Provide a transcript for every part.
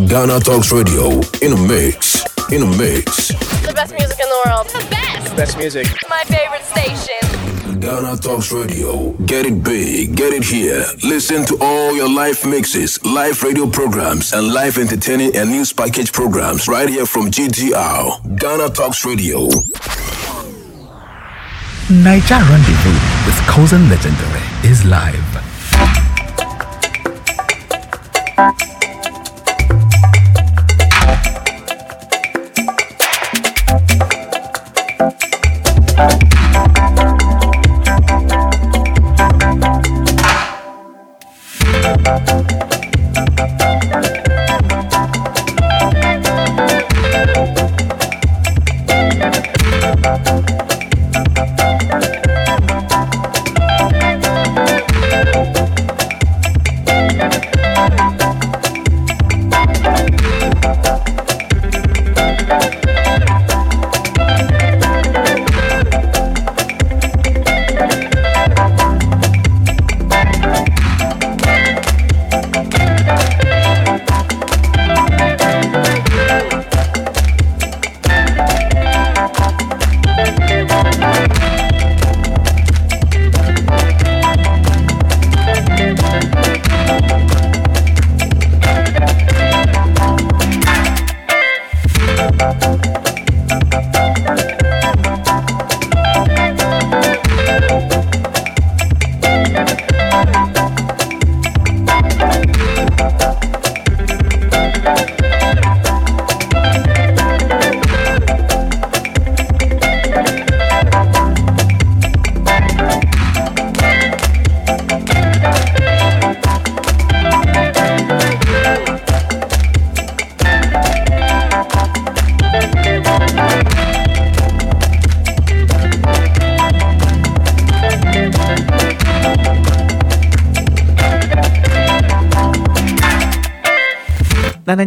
Ghana Talks Radio in a mix. In a mix. The best music in the world. The best. The best music. My favorite station. Ghana Talks Radio. Get it big. Get it here. Listen to all your live mixes, live radio programs, and live entertaining and news package programs right here from GTR. Ghana Talks Radio. Niger Rendezvous with Cousin Legendary is live.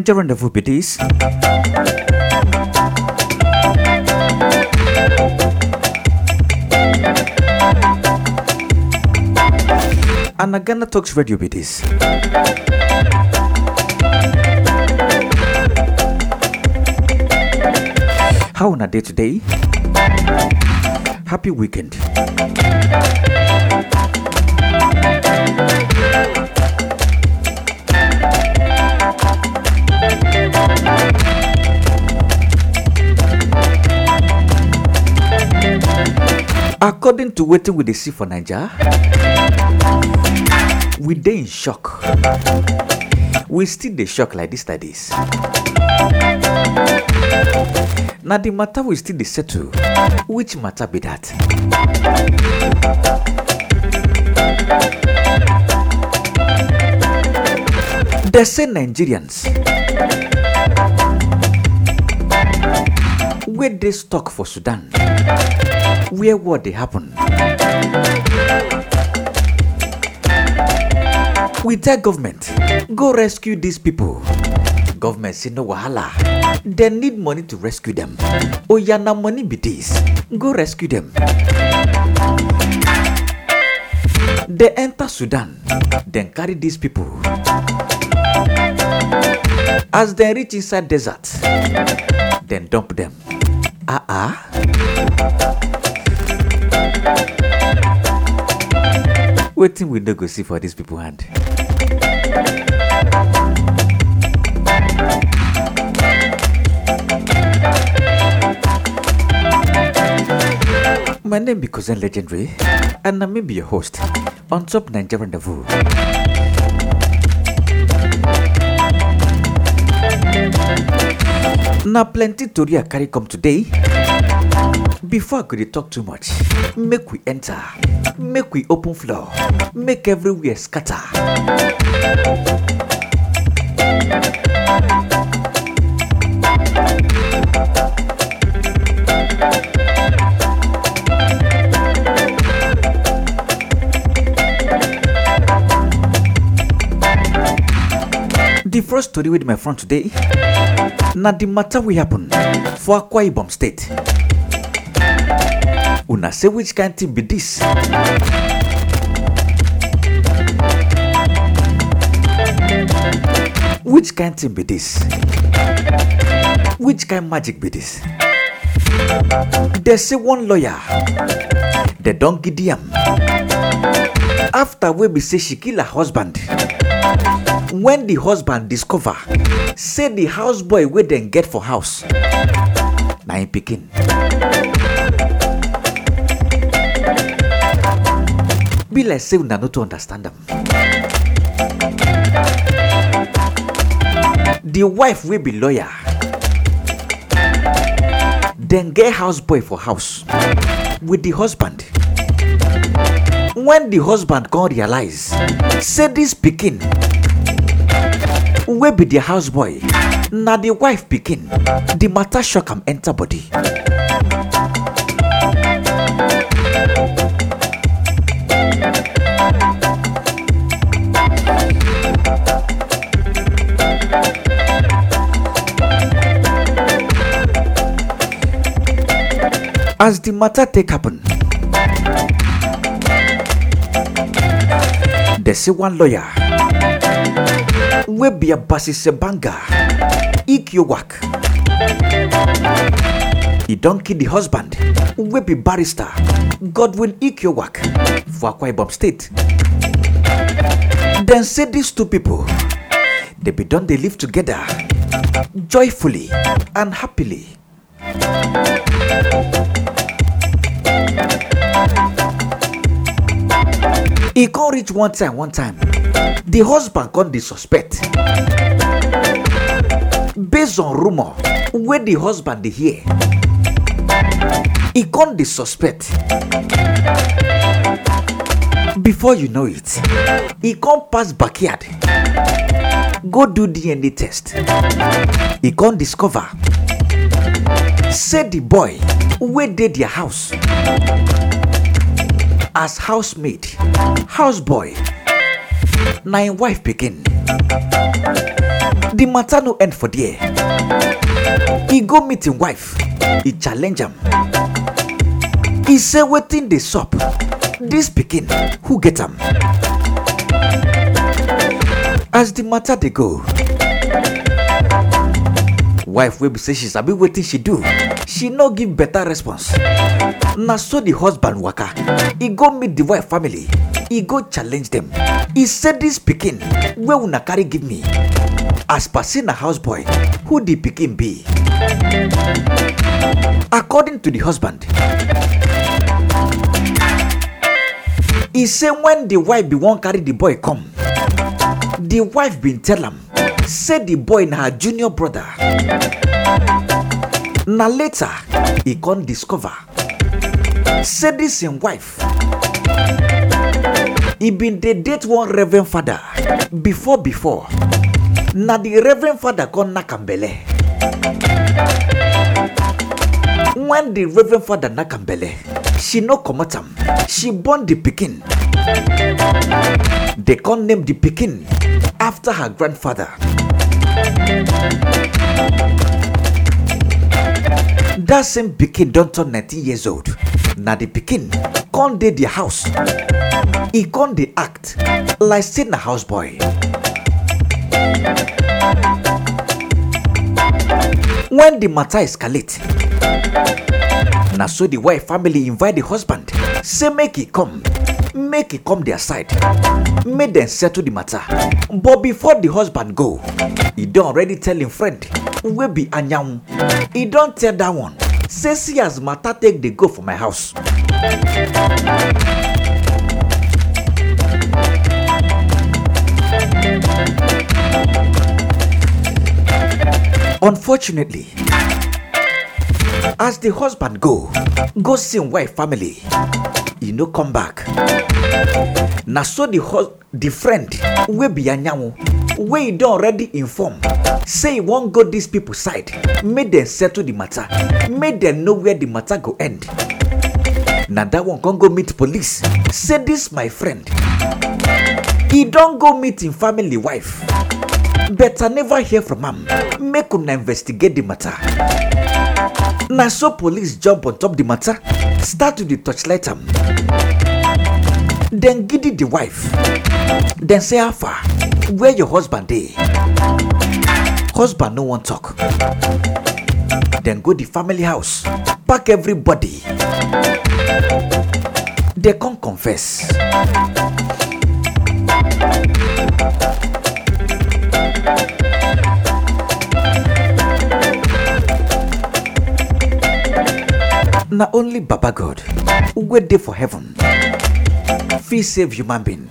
Tunaita rendezvous and Anagana Talks Radio Bidis. How on a day today? Happy weekend. according to waiting with the sea for Niger, we day in shock we still the shock like this like dis na di mata we still the settle which matter be that? They say Nigerians where they stock for Sudan where what they happen. We tell government, go rescue these people. Government say no wahala. They need money to rescue them. Oh, na money be this. Go rescue them. They enter Sudan, then carry these people. As they reach inside desert, then dump them. Ah uh-uh. ah. wetin we no go see for dis pipo hand. My name be Cousin Legendary, and I may be your host on Top Niger Rendezvous. Now, plenty to carry come today. Before I could talk too much, make we enter, make we open floor, make everywhere scatter. The first story with my friend today, now the matter we happen for Akwa Ibom State una say which kind thing be this. which kind thing be this which kind magic be this dey say one lawyer dey don gidi am after wey be say she kill her husband when the husband discover say the houseboy wey dem get for house na im pikin. Be like say una not to understand them. The wife will be lawyer. Then get houseboy for house with the husband. When the husband can realize, say this pikin will be the houseboy. Now the wife pikin, the matter shock come enter body. as the matter take happen they say one lawyer We be a basis banger. abasisebanga ikiowak e don kill the husband We be barrister God will your work. for akwa ibom state Then say dis two people. They be done. They live together joyfully and happily. He come reach one time one time the husband come dey suspect based on rumour wey the husband dey hear He come dey suspect before you know it he come pass backyard go do dna test He come discover say the boy wey dey their house as housemaid houseboy na im wife pikin di matter no end for there e go meet im wife e challenge am e say wetin dey sup dis pikin who get am as di matter dey go wife wey be say she sabi wetin she do she no give better response na so the husband waka He go meet the wife family He go challenge them He said this pikin where una carry give me as per say na houseboy who the pikin be according to the husband he say when the wife be wan carry the boy come the wife been tell him, say the boy na her junior brother na later e come discover say dis im wife e bin dey date one reverend father before before na the reverend father come knack am belle wen di reverend father knack am belle she no comot am she born the pikin dey come name the pikin after her grandfather dat same pikin don turn nineteen years old na di pikin come dey di house e come dey act like say na houseboy. when di matter escalate na so di wife family invite di husband say make he come make e come their side make them settle the matter but before the husband go he don already tell him friend wey be anyanwu e don tell that one say see as matter take dey go for my house. Unfortunately, as the husband go, go see wife family, e no come back na so the hus the friend wey be anyanwu wey e don already inform say e wan go dis pipo side make dem settle the matter make dem know where the matter go end na dat one come go meet police say dis my friend e don go meet im family wife but i never hear from am make una investigate di matter na so police jump on top di matter Start with the torchlight. Then giddy the wife. Then say how far. Where your husband dey? Husband no wan talk. Then go the family house. Pack everybody. They come confess. na only baba god wey dey for heaven fit save human being.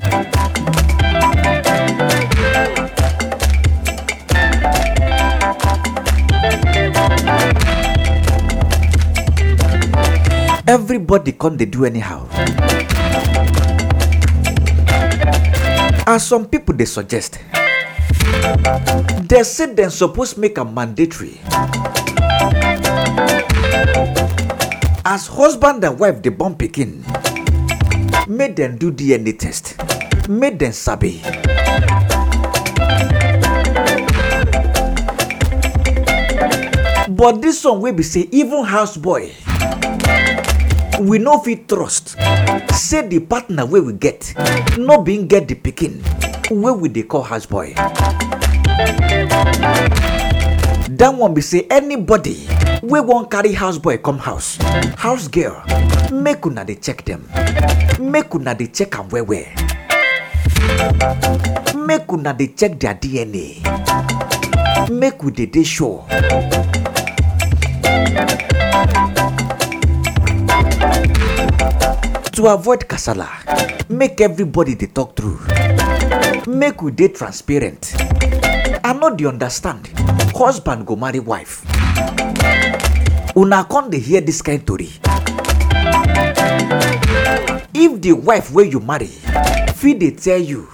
everybody come dey do anyhow As some people dey suggest dem say dem suppose make am mandatory as husband and wife dey born pikin make dem do dna test make dem sabi. but dis one wey be say even houseboy we no fit trust say di partner wey we get no bin get di pikin wey we dey call houseboy. dat one be say anybody wey wan carry houseboy come house house girl make una dey check dem make una dey check am well well make una dey check their dna make we dey dey sure. to avoid kasala make everybody dey talk true make we dey transparent i no dey understand husband go marry wife una come dey hear dis kain tori if di wife wey you marry fit dey tell you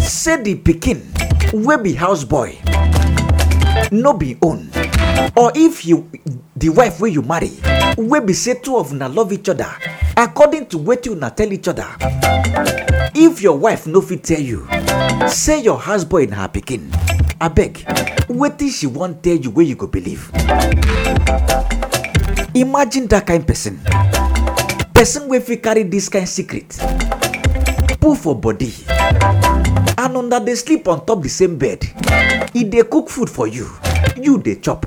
say di pikin wey be houseboy, no be own or if you di wife wey you marry wey be say two of una love each other according to wetin una tell each other if your wife no fit tell you say your houseboy boy na her pikin abeg wetin she wan tell you wey you go believe imagine dat kain person person wey fit carry dis kain secret put for body and una dey sleep on top the same bed e dey cook food for you you dey chop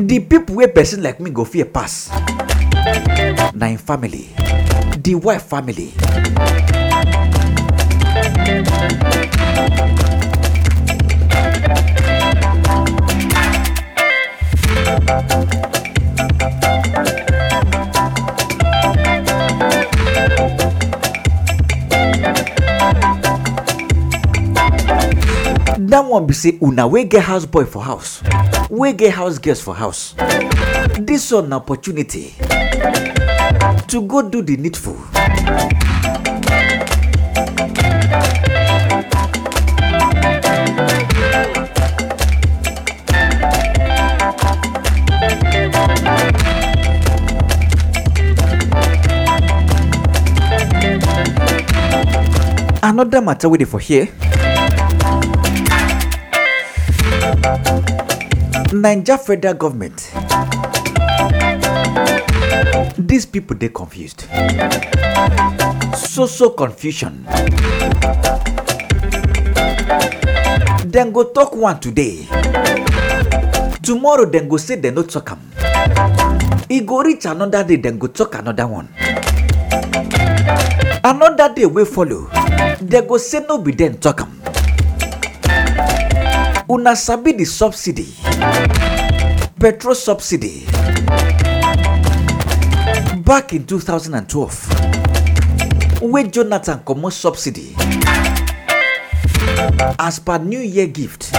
the people wey person like me go fear pass na im family the wife family. That one be say una oh, wey get house boy for house wey get house girls for house This one na opportunity to go do the needful another matter with it for here Niger federal government These people they confused so so confusion Then go talk one today tomorrow then go say they no talk am e go reach another day then go talk another one another day wey follow they go say no be dem talk am una sabi di subsidy petrol subsidy back in 2012 wey jonathan comot subsidy as per new year gift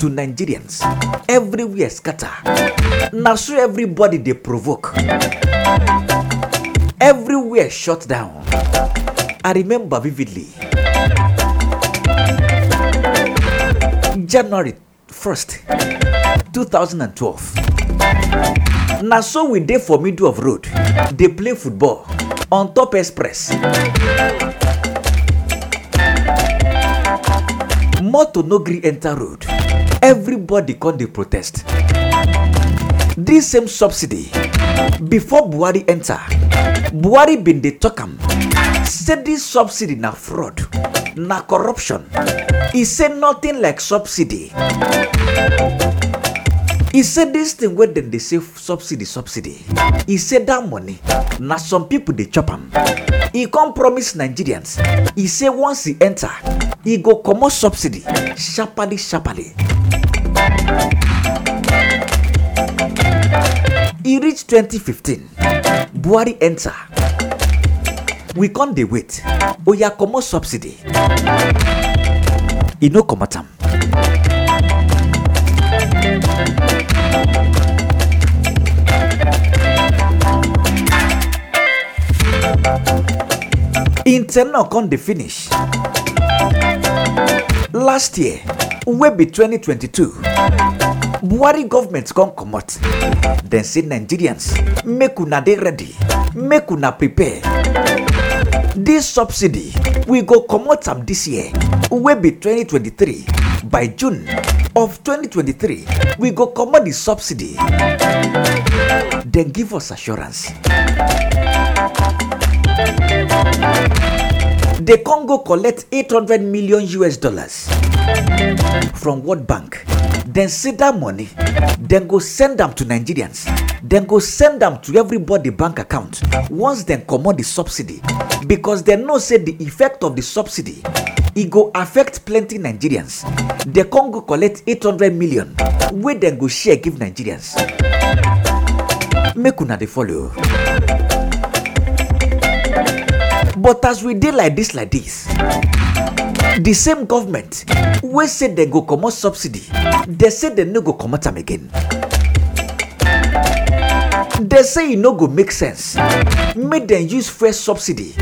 to nigerians everywhere scatter na so everybody dey provoke everywhere shut down i remember vividly January 1st, 2012. Na so we dey for middle of road They play football on top express. Motor no gree enter road, everybody come dey protest this same subsidy before buhari enter buhari bin dey talk am say this subsidy na fraud na corruption e say nothing like subsidy e say this thing wey dem dey say subsidy subsidy e say that money na some people dey chop am e come promise nigerians e say once e enter e go comot subsidy sharparly sharparly e reach 2015 buhari enter we come dey wait oya comot subsidy e no comot am. im ten come dey finish last year wey be 2022 buhari government come comot dem say nigerians make una dey ready make una prepare dis subsidy we go comot am dis year wey be 2023 by june of 2023 we go comot di subsidy dem give us assurance the Congo collect eight hundred million US dollars from World Bank. Then see that money, then go send them to Nigerians, then go send them to everybody bank account. Once then command the subsidy, because they know say the effect of the subsidy e go affect plenty nigerians the congo collect eight hundred million wey dem go share give nigerians make una dey follow but as we dey like this, like this, the same government wey say dem go comot subsidy dey say dem no go comot am again dey say e no go make sense make dem use fresh subsidy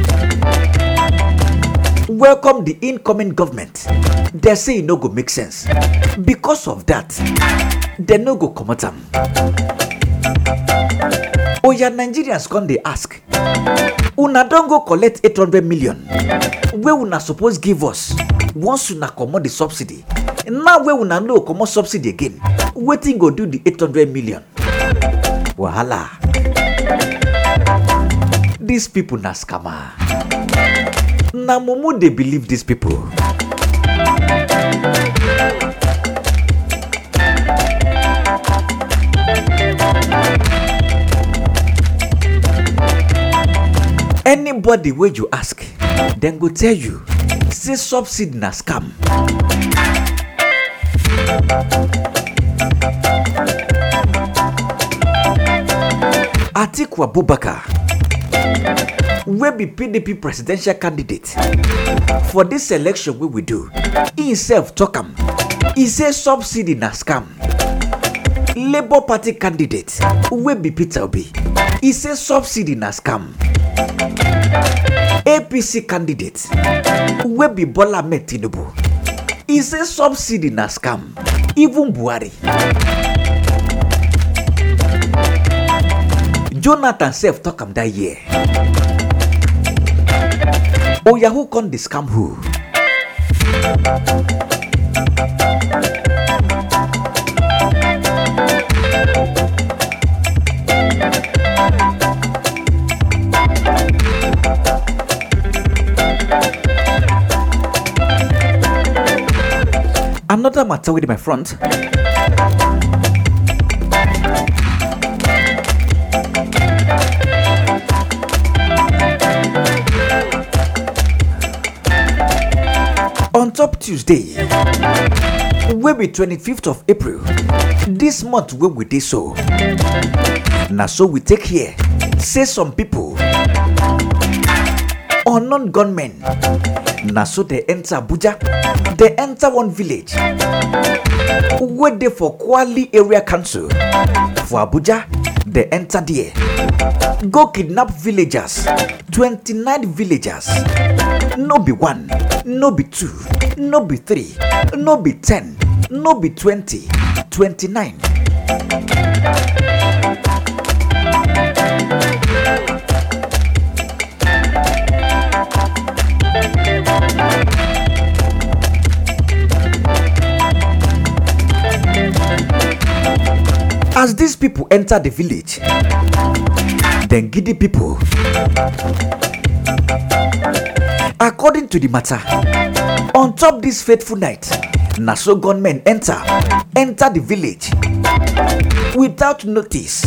welcome the incoming government dey say e no go make sense because of that. dem no go comot am oya oh, nigerians come dey ask una don go collect eight hundred million wey una suppose give us once una comot the subsidy now wey una no comot subsidy again wetin go do the eight hundred million wahala these people na scammer na mumu dey believe these people. anybody wey you ask dem go tell you say subsidy na scam. atiku abubakar wey be pdp presidential candidate for dis election wey we do e sef tok am e say subsidy na scam labour party candidate wey be peter obi e say subsidy na scam apc candidate wey be bola ahmed tinubu e say subsidy na scam even buhari jonathan sef tok am dat year oya who come dey scam who. Another matter in my front. On top Tuesday, wey be 25th of April, this month wey we do so, Now so we take here say some people or gunmen Na so they enter Abuja, they enter one village wey dey for Kwali area council for Abuja. They enter there, go kidnap villagers, Twenty nine villagers, no be one, no be two, no be three, no be ten. no be twenty. Twenty nine. As these people enter the village, then giddy people, according to the matter, on top this fateful night, na so gunmen enter enter the village without notice,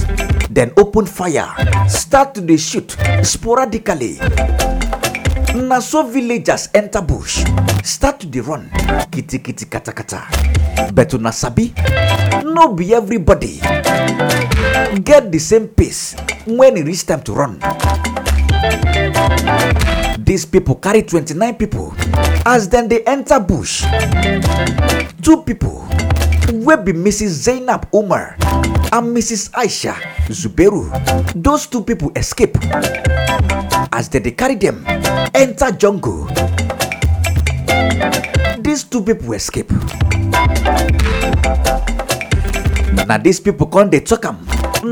then open fire, start to dey shoot sporadically na so villagers enter bush start to dey run kitikiti katakata but una sabi no be everybody get the same pace when e reach time to run these people carry twenty nine people as dem dey enter bush two people wey be mrs zainab umar and mrs aisha zuberu those two people escape as they dey carry them enta jungle these two people escape Now these people come they tok them?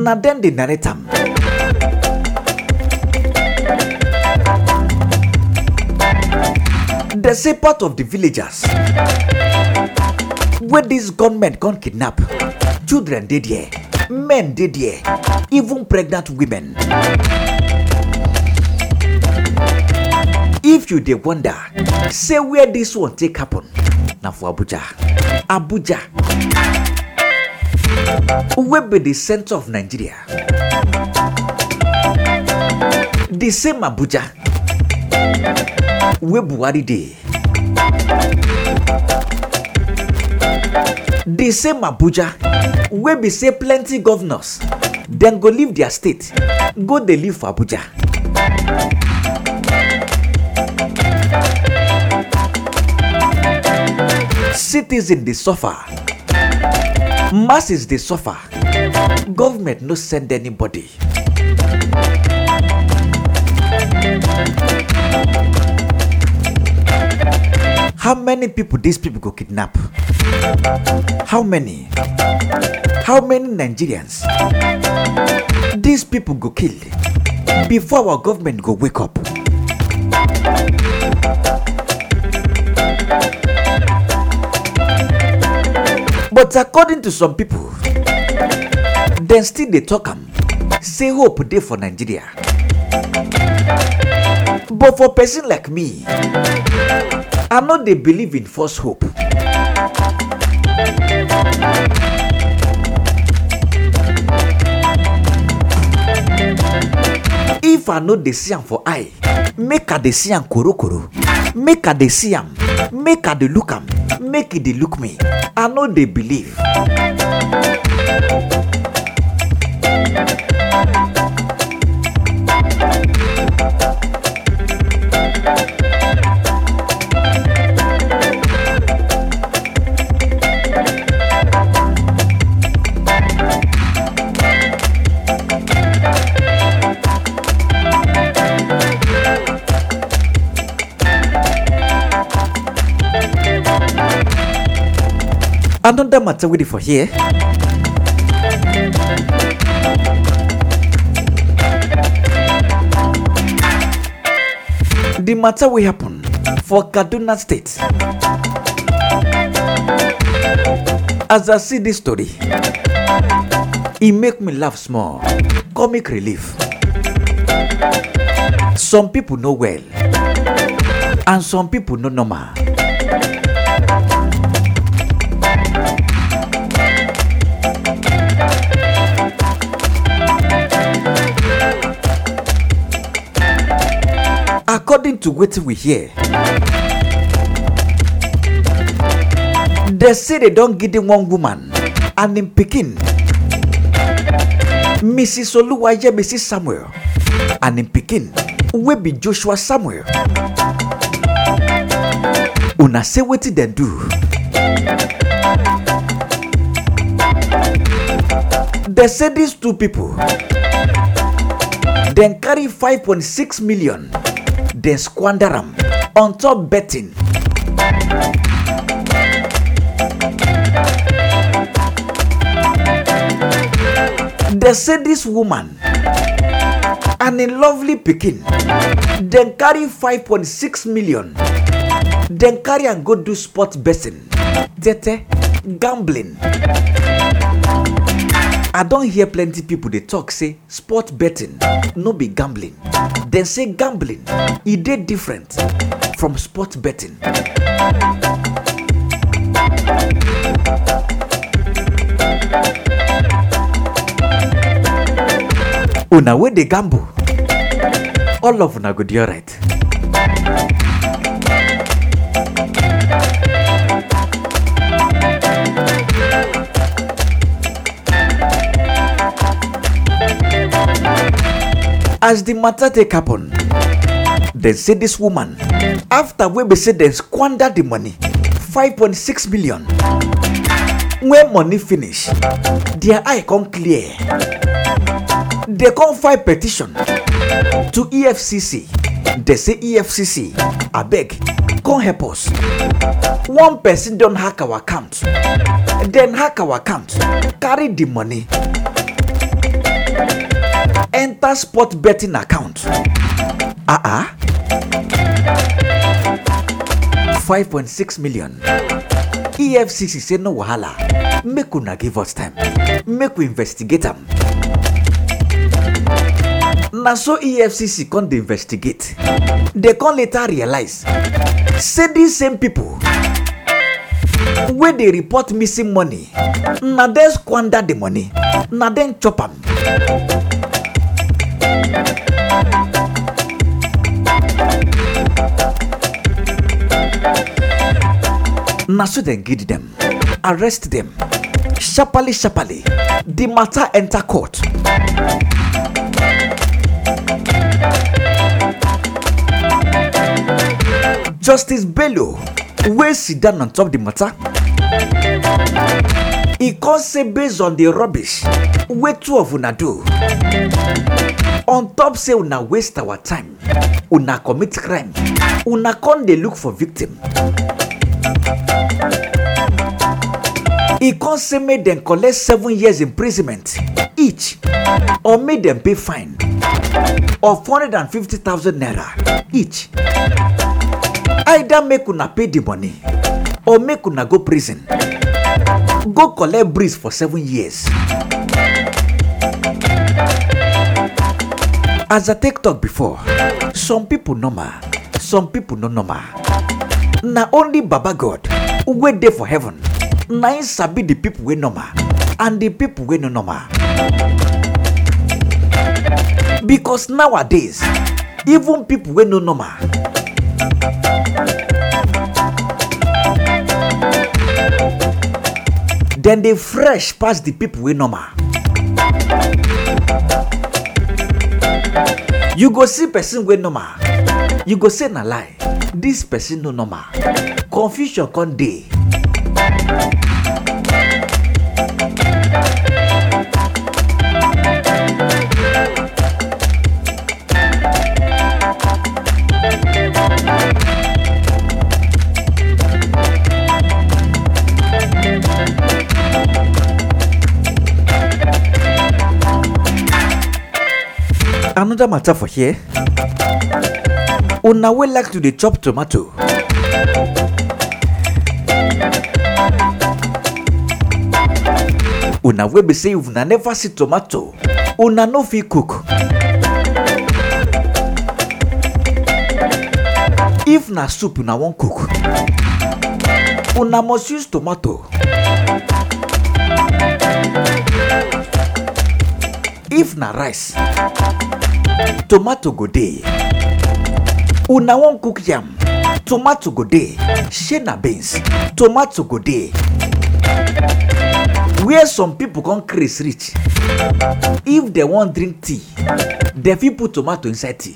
Now then they narrate them. They say part of the villagers wey dis gunmen come kidnap children dey there men dey there even pregnant women if you dey wonder say where this one take happen na for abuja abuja wey be the centre of nigeria The same abuja wey buhari dey the same abuja wey be say plenty governors dem go leave their state go dey live for abuja. citizens dey suffer masses dey suffer government no send anybody. How many people these people go kidnap? How many? How many Nigerians these people go kill before our government go wake up? But according to some people, then still they talk them. Say hope day for Nigeria. But for person like me, i know they believe in false hope. if i know they see him for eye make i dey see am korokoro make i dey see him. make i dey look him. make e dey look me i know they believe. Madam Matawidi for here. The matter will happen for Kaduna State. As I see this story, it e make me laugh small. Comic relief. Some people know well, and some people know normal. according to wetin we hear dem say dem don give them one woman and im pikin mrs oluwaye mrs samuel and im pikin wey be joshua samuel una say wetin dem do dem say dis two pipo dem carry five point six million Then squander am on top betting. They say this woman and a lovely pekin, then carry 5.6 million Then carry and go do sports betting tete gambling. i don't hear plenty people they talk say sport betting no be gambling Then say gambling it dey different from sport betting. una wey dey gamble all of una go dey alright. as the matter take happen dem say this woman after wey be say dem squander the money five point six million when money finish their eye come clear they come file petition to efcc they say efcc abeg come help us one person don hack our account dem hack our account carry the money enter sport betting account. Ah ah. Five point six million. EFCC say no wahala. Make una give us time. Make we investigate them. Na so EFCC come dey investigate. They come later realize say these same people wey they report missing money na dem squander the money na dem chop am. Na so dem gid dem, arrest dem, sharparly sharparly, di mata enter court. Justice Bello wey sit down on top di mata e come say based on the rubbish wey two of una do on top say una waste our time una commit crime una come dey look for victim e come say make dem collect seven years imprisonment each or make dem pay fine of four hundred and fifty thousand naira each either make una pay the money or make una go prison go collect breeze for seven years as i take talk before some people normal some people no normal na only baba god wey dey for heaven na him sabi the people wey normal and the people wey no normal because nowadays even people wey no normal dem dey fresh pass the people wey normal. you go see person wey normal you go say na lie This person no normal confusion come dey. another matter for here una wey like to the chop tomato una wey be say if una never see tomato una no fit cook if na soup una wan cook una must use tomato if na rice tomato go dey una wan cook yam tomato go dey shey na beans tomato go dey where some people come craze reach if dem wan drink tea dem fit put tomato inside tea.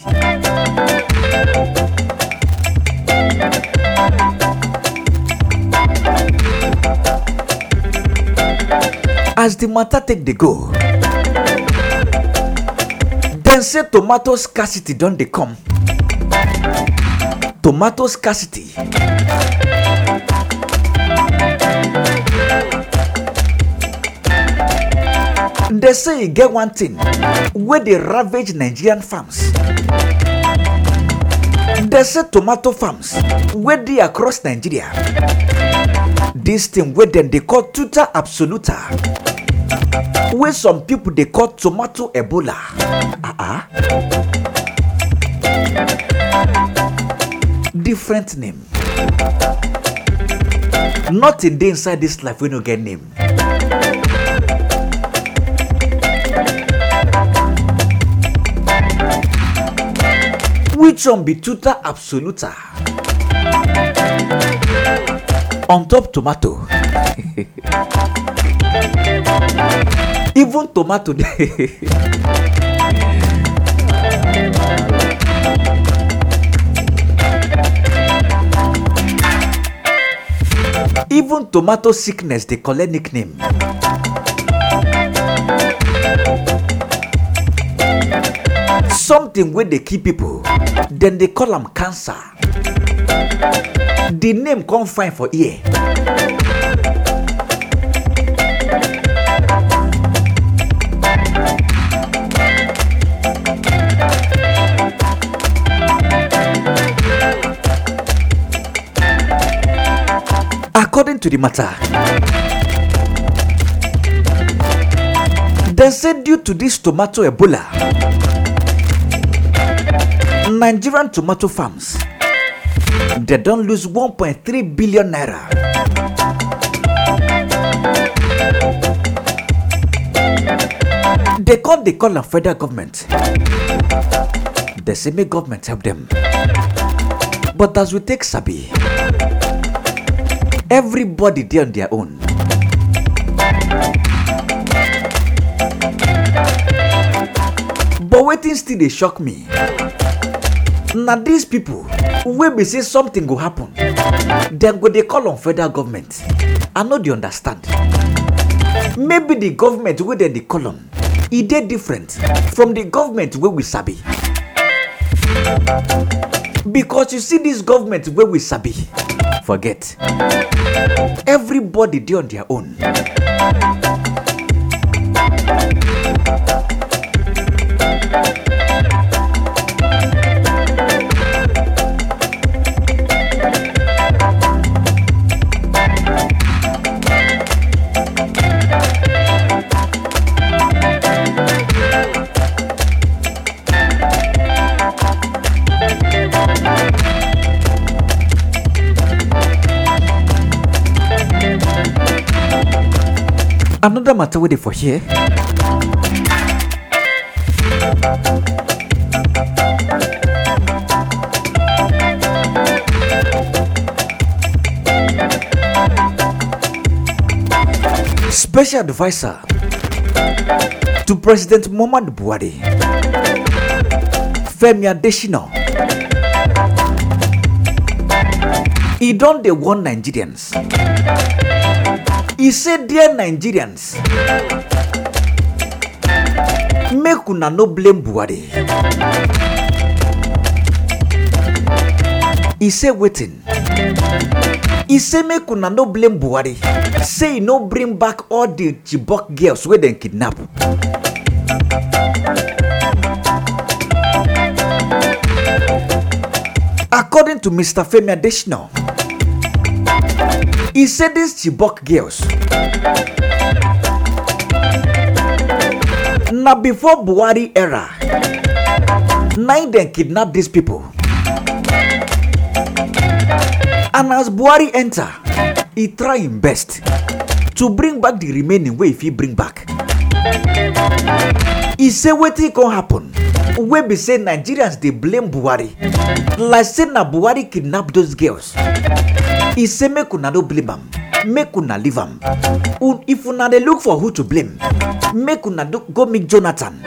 as the matter take dey go say tomato scarcity don dey come tomato scarcity They say e get one thing wey dey ravage nigerian farms They say tomato farms wey dey across nigeria This thing wey dem dey call tuta absoluta wey some people dey call tomato ebola. Uh-uh. different name nothing dey inside this life wey no get name. which one be tuta absoluta on top tomato. even tomato dey. even tomato sickness dey collect nickname. something wey dey kill people dem dey call am cancer the name come fine for ear. according to the matter. They said due to this tomato Ebola, Nigerian tomato farms they don't lose 1.3 billion naira. They call the call the federal government. The same government help them. But as we take Sabi, Everybody there on their own. But waiting still they shock me. Now these people, when we say something will happen, then go they call on federal government. I know they understand. Maybe the government where they call on, it e they different from the government where we sabi because you see this government wey we sabi forget everybody dey on their own another matter wey dey for here. Special advisor to President Muhammad Buhari, Femi Adesina. He don dey warn Nigerians He said, Dear Nigerians, make una no blame Buhari. He said, waiting. He say make una no blame Buhari. Say no bring back all the Chibok girls where they kidnap. According to Mr. Femi Adesina, He said these Chibok girls. Now before Buhari era, nine then kidnapped these people. And as Buhari enter, he try him best to bring back the remaining wey he fit bring back. He say wetin come happen wey be say Nigerians dey blame Buhari like say na Buhari kidnap those girls. He say make una no blame am, make una leave am. If una dey look for who to blame, make una do, go meet Jonathan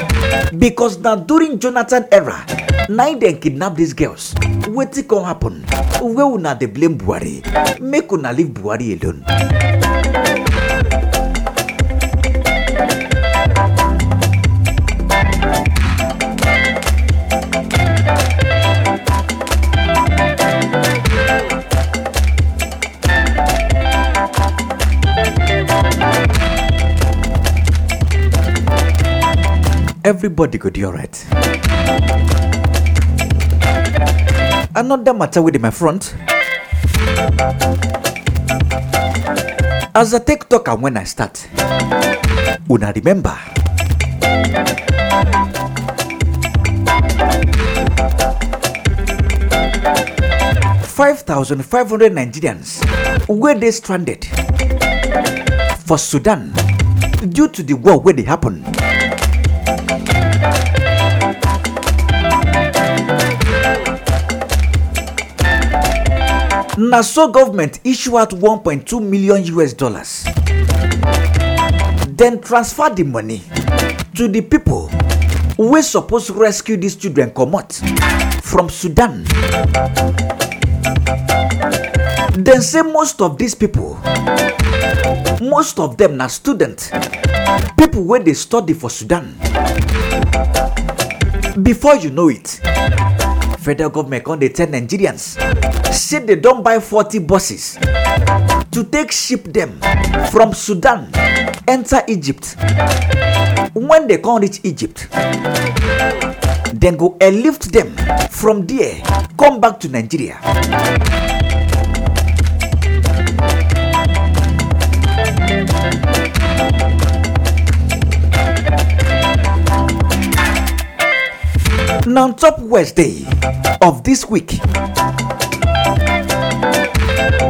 because na during Jonathan era na him dem kidnap these girls. Wetin come happen? Wey una dey blame Buhari? Make una leave Buhari alone. everybody go dey alright. Another matter with my front. As a take and when I start, una remember. Five thousand five hundred Nigerians were they stranded for Sudan due to the war where they happened. na so government issue out 1.2 million us dollars then transfer the money to the people wey suppose rescue dis children comot from sudan dem say most of these people, most of them na students people wey dey study for sudan before you know it federal government come dey tell nigerians say they don buy forty buses to take ship dem from sudan enter egypt when they come reach egypt dem go airlift dem from there come back to nigeria na on top wednesday of this week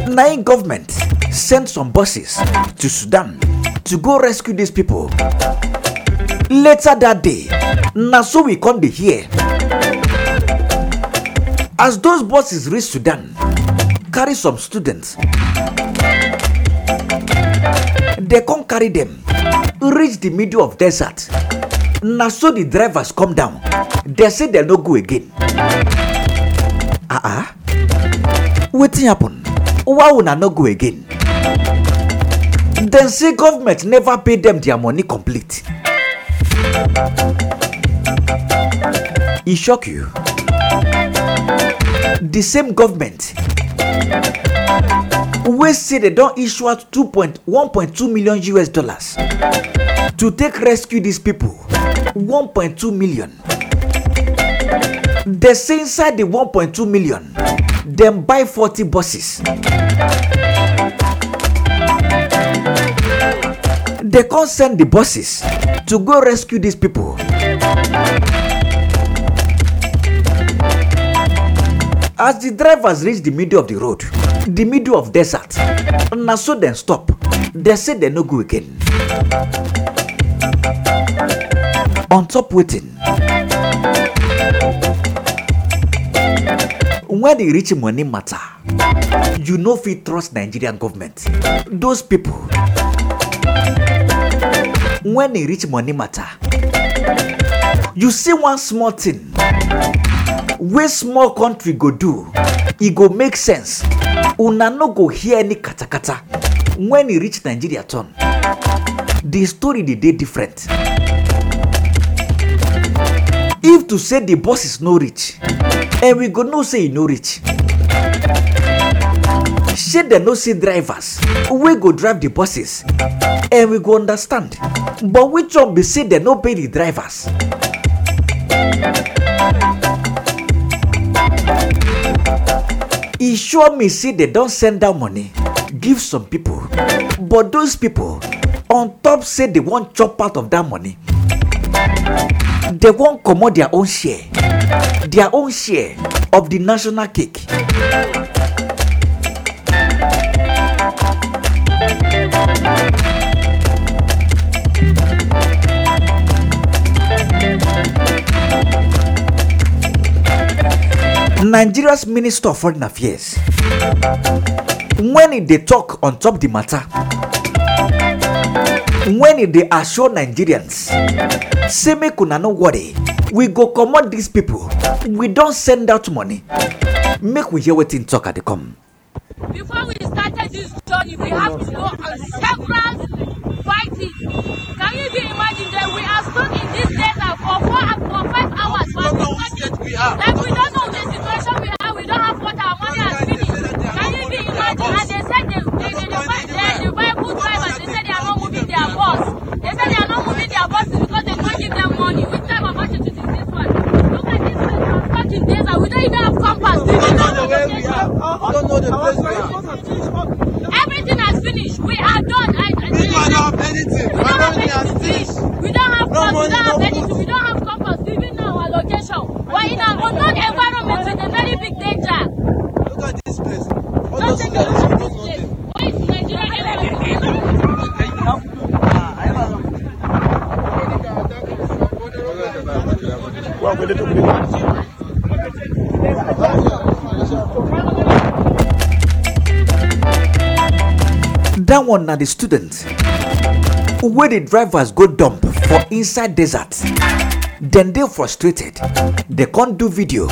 nine government send some buses to sudan to go rescue these people. later that day na so we come dey hear as those buses reach sudan carry some students dem come carry them. reach the middle of desert na so di drivers come down dem say dem no go again ah ah wetin happen why una no go again dem say government never pay dem their money complete e shock you the same government wey say they don issue out two million us dollars to take rescue these people two million They say inside the 1.2 million, Them buy 40 buses. They can't send the buses to go rescue these people. As the drivers reach the middle of the road, the middle of desert, na so them stop. They say they no go again. on top waiting when e reach money matter you no fit trust nigerian government those people when e reach money matter you see one small thing wey small country go do e go make sense una no go hear any katakata when e reach nigeria turn the story dey dey different if to say the bosses no reach and we go know say e no reach. shey dem no see drivers wey go drive the buses and we go understand but which one be say dem no pay the drivers. e sure me say dem don send down money give some people, but those people on top say dem wan chop part of that money dem wan comot their own share their own share of the national cake. Nigeria's Minister of Foreign Affairs, when they talk on top the matter, when they assure Nigerians, say make una no worry we go comot dis pipo we don send out money make we hear wetin talk at di come. before we started dis journey we have to go on several fighting can you even imagine that we are stuck in dis desert for four and for five hours for no state we are like we don't know the situation we are we don't have water our money has finish can you even imagine and they say they they dey fight there. They say they are not moving their buses because they can't give them money. Which type of attitude is this one? Look at this place on fucking desert. We don't even have compass. We don't know where we don't know the place we are. Everything has finished. We are done. we don't have anything. We don't have anything. We don't have no we don't have no We don't have our location. We're in an unknown environment with a very big danger. Look at this place. All is Nigeria? That one na the student wey the drivers go dump for inside desert dem dey frustrated dem con do video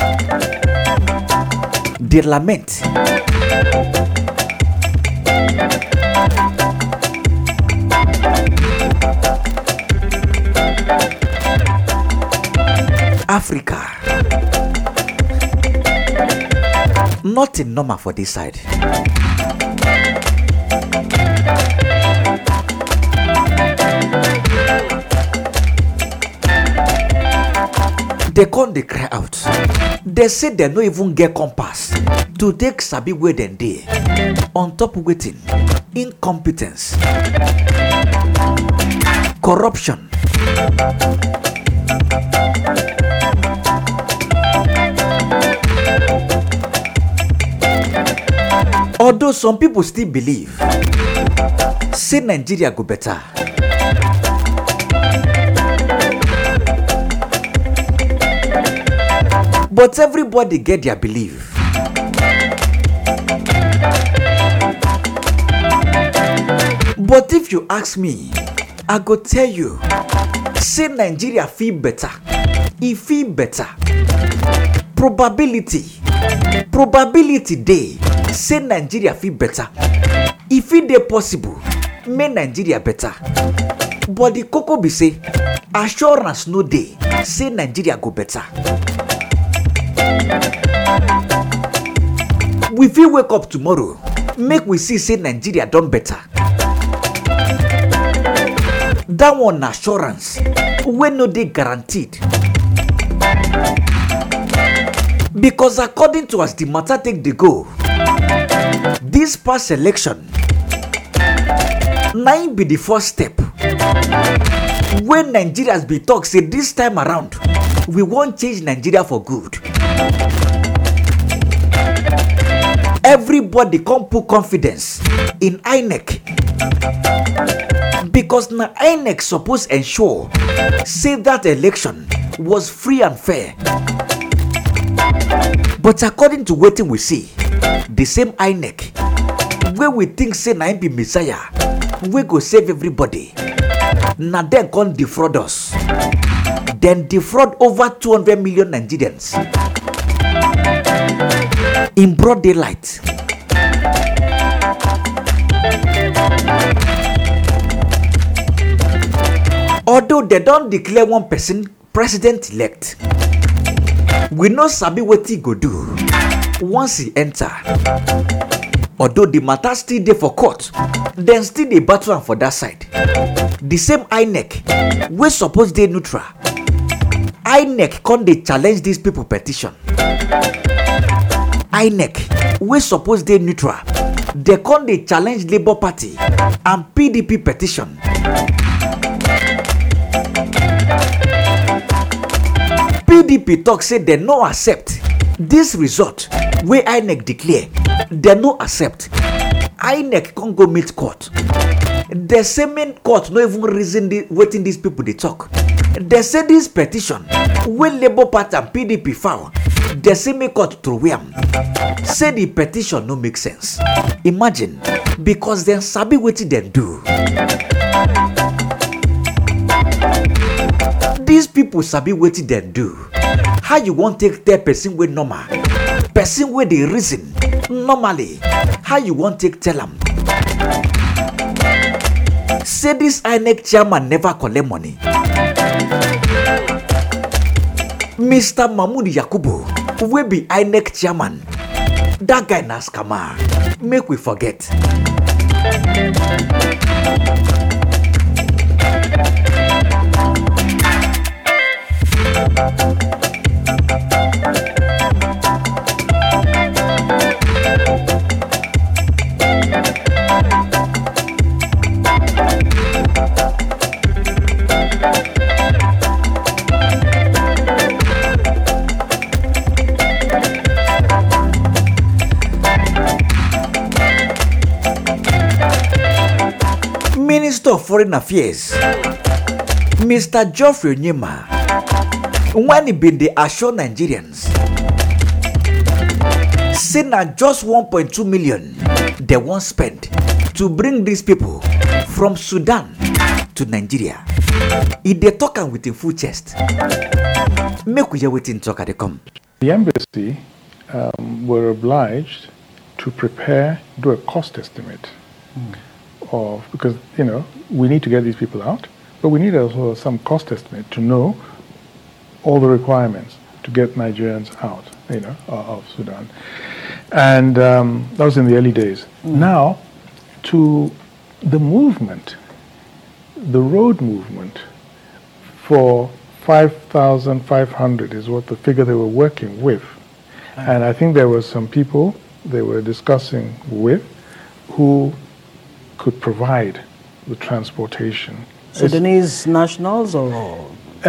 dey lament africa nothing normal for this side They con dey cry out They say they no even get compass to take sabi where dem dey on top waiting incompetence corruption although some people still believe say nigeria go better but everybody get their belief but if you ask me i go tell you say nigeria feel better e feel better probability probability dey say nigeria fit better e fit dey possible make nigeria better but the koko be say assurance no dey say nigeria go better we fit wake up tomorrow make we see say nigeria don better that one na assurance wey no dey guaranteed because according to as the matter take dey go this past election na im be the first step wey nigerians bin talk say this time around we wan change nigeria for good everybody come put confidence in inec because na inec suppose ensure say that election was free and fair but according to wetin we see the same inec wey we think say na him be messiah wey go save everybody na dem come defraud us dem defraud over two hundred million nigerians in broad daylight. although dem don declare one person president-elect we no sabi wetin go do once e enter although the matter still dey for court dem still dey battle am for that side The same inec wey suppose dey neutral inec come dey challenge dis people petition inec wey suppose dey neutral dem come dey challenge labour party and pdp petition pdp tok say dem no accept dis result wey inec declare dem no accept inec come go meet court dem say main court no even reason wetin dis pipo dey tok dem say dis petition wey labour party and pdp file dem say make court throway am say di petition no make sense imagine becos dem sabi wetin dem do these people sabi wetin dem do how you wan take tell person wey normal person wey dey reason normally how you wan take tell am say this inec chairman never collect money mr mahmood yakubu wey be inec chairman dat guy na scammer make we forget. Foreign Affairs, Mr. Geoffrey Nyima, when he been the assured Nigerians, say na just 1.2 million they wan spend to bring these people from Sudan to Nigeria. He dey talk am with him full chest. Make we hear wetin talk dey come. The embassy um, were obliged to prepare, do a cost estimate. Mm. of, because, you know, we need to get these people out, but we need also some cost estimate to know all the requirements to get Nigerians out, you know, of Sudan. And um, that was in the early days. Mm. Now, to the movement, the road movement for 5,500 is what the figure they were working with. Ah. And I think there were some people they were discussing with who could provide the transportation. Sudanese nationals or?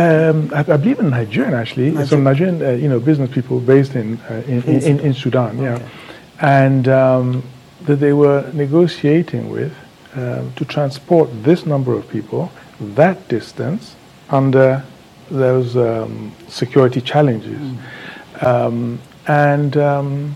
Um, I, I, believe in Nigerian actually, Niger- some Nigerian uh, you know business people based in uh, in, in, in, in, Sudan, okay. yeah, and um, that they were negotiating with um, to transport this number of people that distance under those um, security challenges, mm. Um, and um,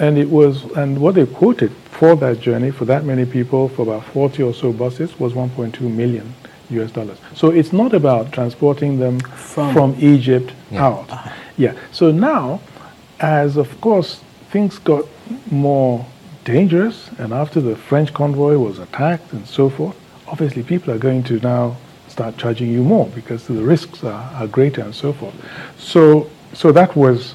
and it was, and what they quoted for that journey, for that many people, for about 40 or so buses, was 1.2 million US dollars. So it's not about transporting them from, from Egypt yeah. out. Uh-huh. Yeah. So now, as of course things got more dangerous, and after the French convoy was attacked and so forth, obviously people are going to now start charging you more because the risks are, are greater and so forth. So, so that was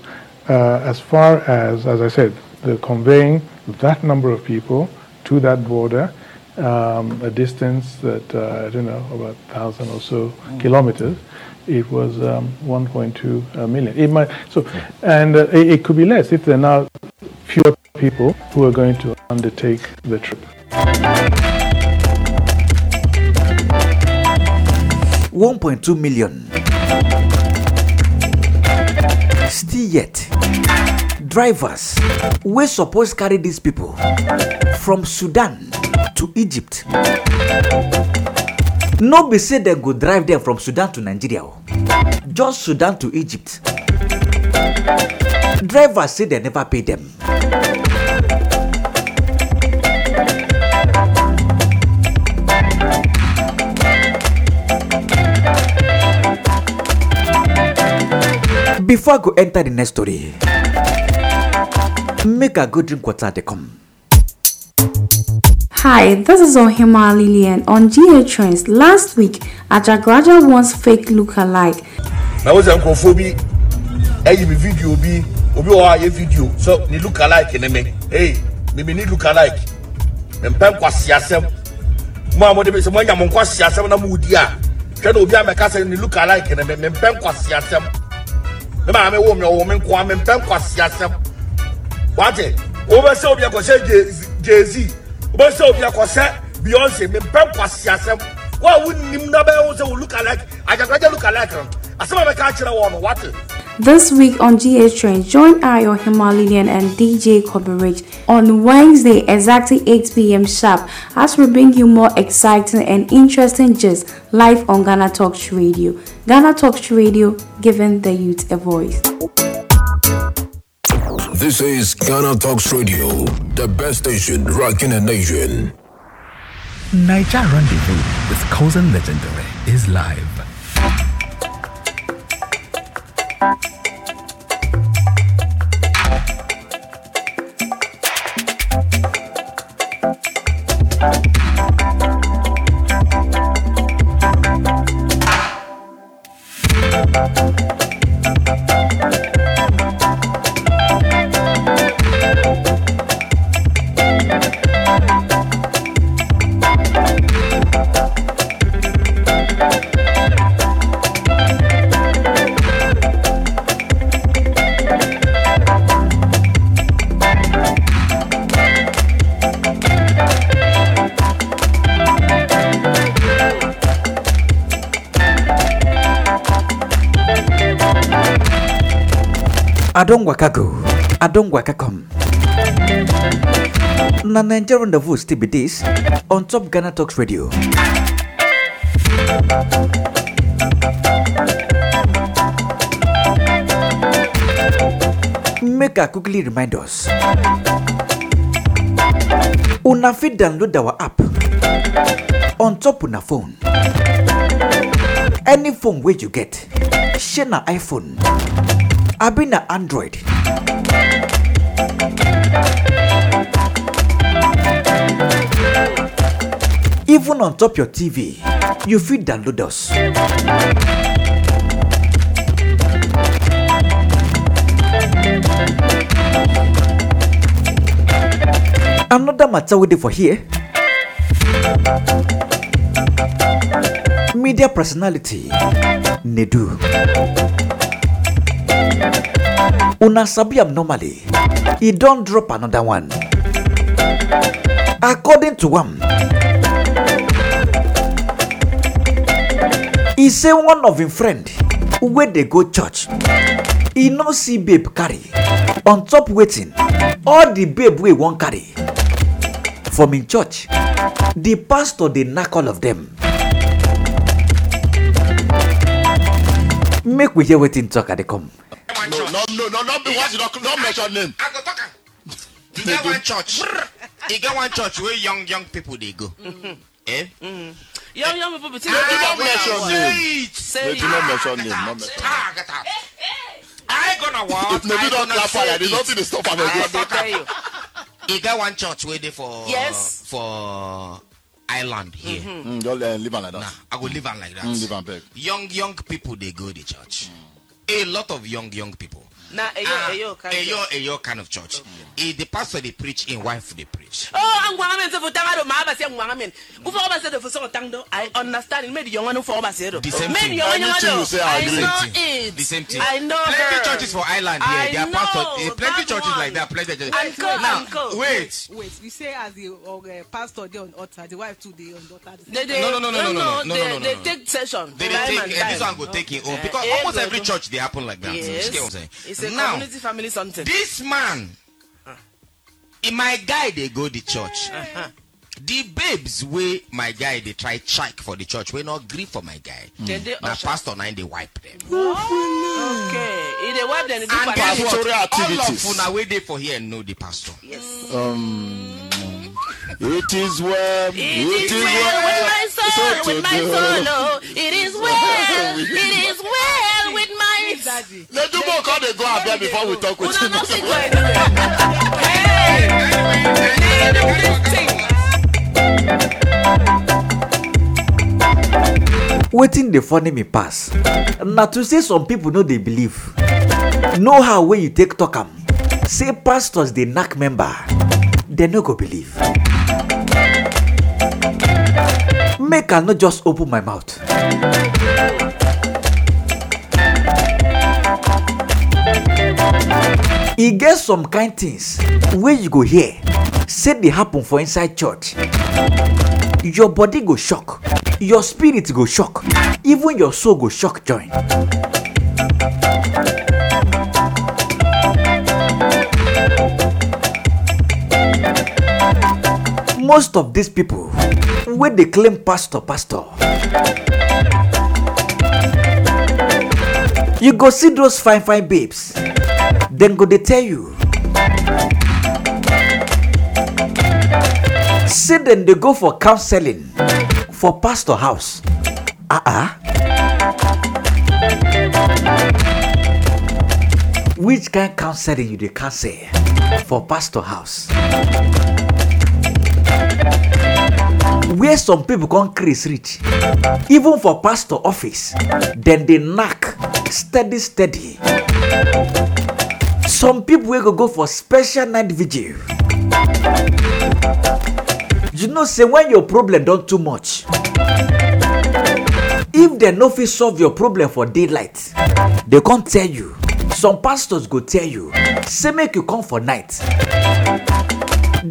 uh, as far as, as I said, the conveying that number of people to that border, um, a distance that, uh, I don't know, about 1,000 or so mm. kilometers. It was um, 1.2 uh, million. It might, so, and uh, it, it could be less if there are now fewer people who are going to undertake the trip. One point two million. Still yet. drivers wey suppose carry dis pipo from sudan to egypt no be say dem go drive dem from sudan to nigeria o just sudan to egypt drivers say dem never pay dem. before i go enter the next story Make a good drink water they come. Hi, this is Ohima Lillian on GH Trends. Last week, Ajaglaja wants fake look-alike. Now, what's Ankrofobi? Hey, you video be obi wɔ hɔ video so ne look alike ne me hey me ne look alike Me nkwasi asɛm mo a mo de bi sɛ mo anya mo na mo di obi a mɛka sɛ ne look alike ne me mpɛ nkwasi asɛm Me maame wɔ mi ɔwɔ mi nkoa mpɛ nkwasi asɛm. jay-z beyonce na This week on GH Train, join Ayo Himalayan and DJ coverage on Wednesday exactly 8 p.m. sharp as we bring you more exciting and interesting gist live on Ghana Talks Radio. Ghana Talks Radio, giving the youth a voice. This is Ghana Talks Radio, the best station rocking the nation. Niger Rendezvous with Cousin Legendary is live. Adongwaka go, Adongwaka come. Na Nigeria rendezvous still be this on Top Ghana Talks Radio. Make a quickly remind us. Una fit download our app on top una phone. Any phone where you get, share na iPhone abi na android even on top your tv you fit download us. another matter wey dey for here media personality nedu una sabi am normally e don drop another one according to am e say one of im friend wey dey go church e no see babe carry on top wetin all di babe wey wan carry from im church di pastor dey knack all of dem make we hear wetin talk at the come one no, church. No, no, no, not be what you don't, don't mention name. I go talk. You get one church. you get one church where young young people they go. Mm-hmm. Eh? Mm-hmm. Young eh? young people between. They do not mention name. They do not mention name. Not mention. I gonna walk. If Nebi don't clap for you, there's nothing to stop am again. You get one church where they for yes for island here. Mm-hmm. Mm, just mm, uh, live on like that. Nah, I go live on like that. Mm, live on back. Young young people they go to church. Mm. a lot of young, young people na eyo ah, eyo kind of church if eh, the pastor dey preach im eh, wife dey preach. oh ngwa ngamen se futanga do maa basi ngwa ngamen kufa ko basi do fuso ko do i understand me di yonga no fo basi do. the same thing me di yonga yonga i know it the same thing i know plenty her plenty churches for island here I their know, pastor uh, eh, plenty churches like that plenty churches. anko anko wait. wait you say as the uh, pastor dey on altar the wife too dey on altar. they dey no no no no no no no no they take session. they dey take this one go take im own because almost every church dey happen like that. yes. It's a now, community family something. This man, uh. in my guy, they go to church. Uh-huh. The babes way my guy they try check for the church. We not grief for my guy. Mm. Then now pastor nine they wipe them. Oh, okay, if they wipe them. They and pastor, activities. All of una way they for here and know the pastor. Yes. Um. It is well. It, it is, is well, well with my soul. with my soul, oh, it is well. it is well lejubo Call the go abia before we talk with you. wetin dey funny me pass na to say some people no dey believe know how wey you take talk am say pastors dey knack member dem no go believe. make i no just open my mouth. e get some kind things wey you go hear say dey happen for inside church your body go shock your spirit go shock even your soul go shock join. most of these people wey dey claim pastor pastor you go see those fine fine babes then go they tell you. See, then they go for counseling for pastor house. Ah uh-uh. Which kind of counseling you they can say for pastor house? where some people come craze reach even for pastor office then they knock steady steady some people wey go go for special night vigil you know say when your problem don too much if dem no fit solve your problem for daylight dey come tell you some pastors go tell you say make you come for night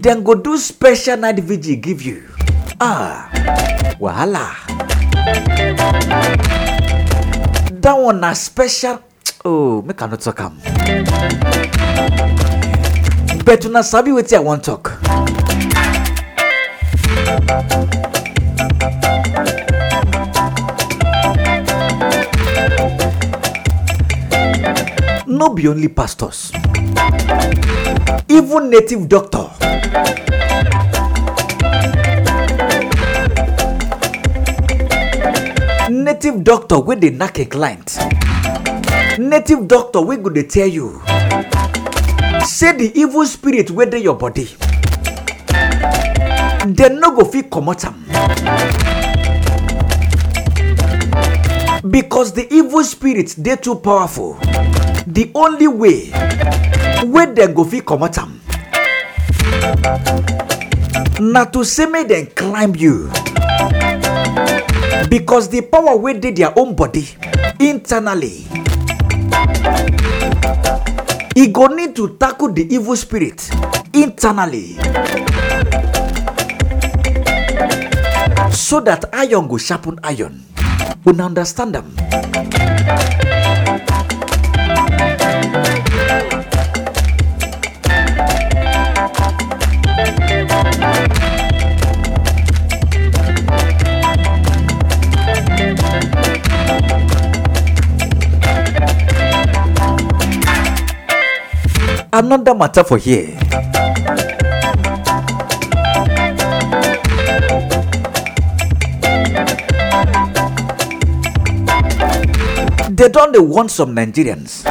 dem go do special night vigil give you ah wahala that one na special oh make i no talk am. But una sabi wetin I wan talk. No be only pastors, even native doctor. Native doctor wey dey knack a client native doctor wey go dey tell you say the evil spirit wey dey your body dem no go fit comot am because the evil spirit dey too powerful the only way wey dem go fit comot am na to say make dem climb you because the power wey dey their own body internally e go need to tackle the evil spirit internally so that iron go sharpen iron una understand am. another matter for here. They don't they want some Nigerians,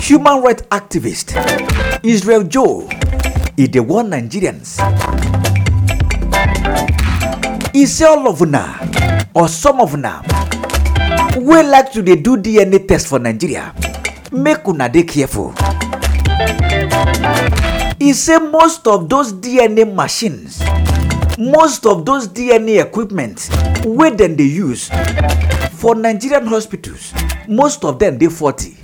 human rights activist Israel Joe, is the one Nigerians, is all of una or some of una we like to do DNA test for Nigeria. Make una dey careful. He say most of those DNA machines, most of those DNA equipment, where then they use for Nigerian hospitals, most of them they 40.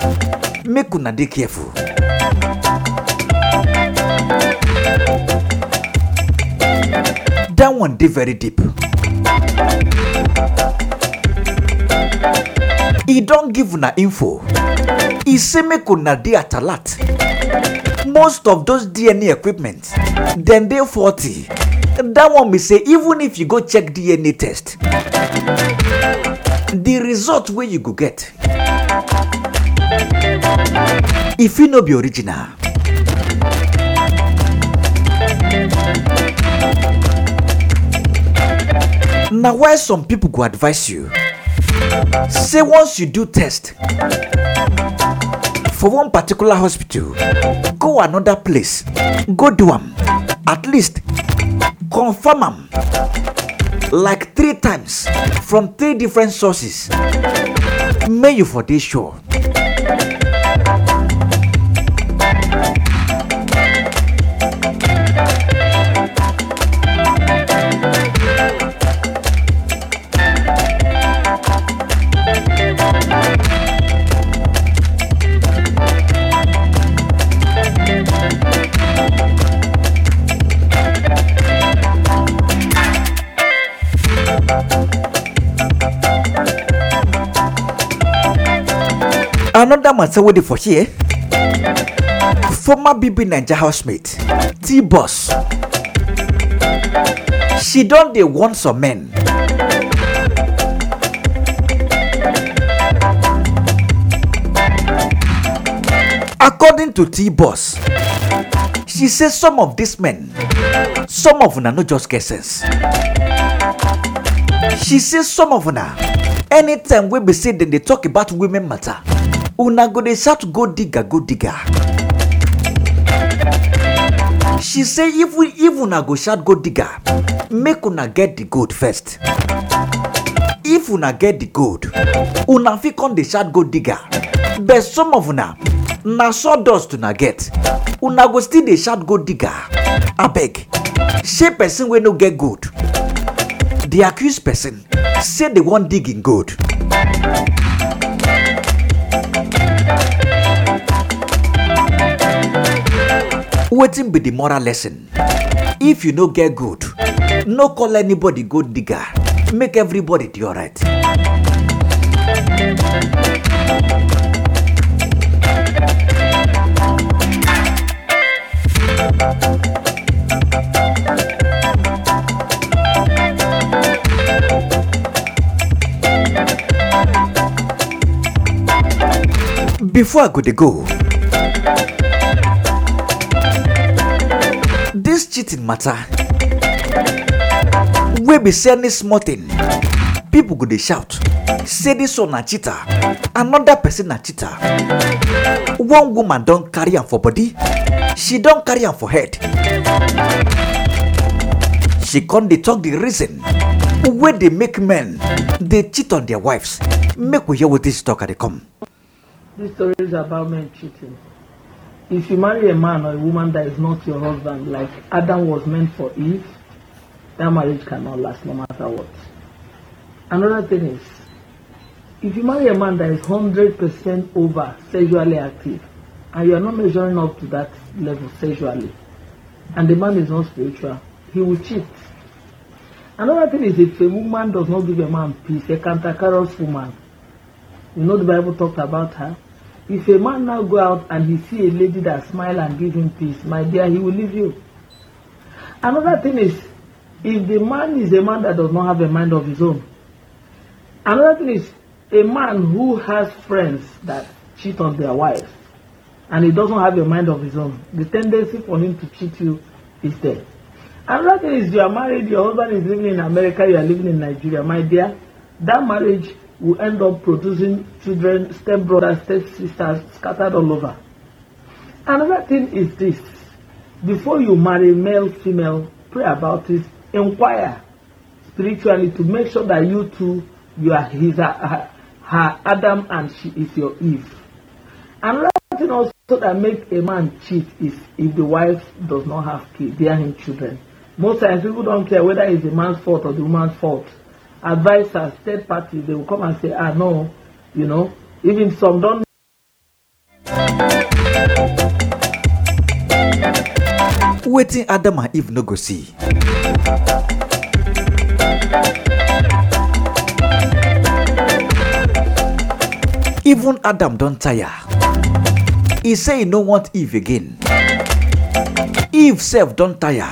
Make una dey careful. That one dey very deep. He don't give una info. He say make una dey at alert most of those dna equipment then dey faulty that one may say even if you go check dna test the result where you go get e fit no be original. Now why some people go advise you say once you do test for one particular hospital go another place go do them. at least confirm them. like three times from three different sources May you for this sure Another matter wey for here. Former BB Naija housemate T Boss. She don dey warn some men. According to T Boss, she say some of these men, some of una no just get sense. She say some of una anytime wey be say dem dey talk about women matter una go dey shout go digger go digger she say if we if una go shout go digger make una get the gold first if una get the gold una fit come dey shout go digger but some of una na sawdust una get una go still dey shout go digger abeg shey person wey no get gold dey accuse person say dey wan dig im gold. wetin be the moral lesson if you no get good no call anybody gold digger make everybody dey alright. Before I go, they go. This cheating matter wey be say any small thing people go dey shout say this one na cheater another person na cheater one woman don carry am for body she don carry am for head she come dey talk the reason wey dey make men dey cheat on their wives make we hear wetin she talk at the come. this story is about men cheating if you marry a man or a woman that is not your husband, like Adam was meant for Eve, that marriage cannot last no matter what. Another thing is, if you marry a man that is 100% over sexually active, and you are not measuring up to that level sexually, and the man is not spiritual, he will cheat. Another thing is, if a woman does not give a man peace, a cantankerous woman, you know the Bible talked about her. If a man now go out and he see a lady that smile and give him peace, my dear, he will leave you. Another thing is, if the man is a man that does not have a mind of his own, another thing is, a man who has friends that cheat on their wives and he doesn't have a mind of his own, the tendency for him to cheat you is there. Another thing is, you are married, your husband is living in America, you are living in Nigeria. My dear, that marriage will end up producing children, stepbrothers, stepsisters scattered all over. Another thing is this before you marry male, female, pray about it, inquire spiritually to make sure that you two, you are his, her, uh, uh, her Adam and she is your Eve. Another thing also that makes a man cheat is if the wife does not have kids, bear him children. Most times people don't care whether it's the man's fault or the woman's fault advisors, third parties, they will come and say, ah, no, you know, even some don't. Waiting Adam and Eve no go see. Even Adam don't tire. He say he no want Eve again. Eve self don't tire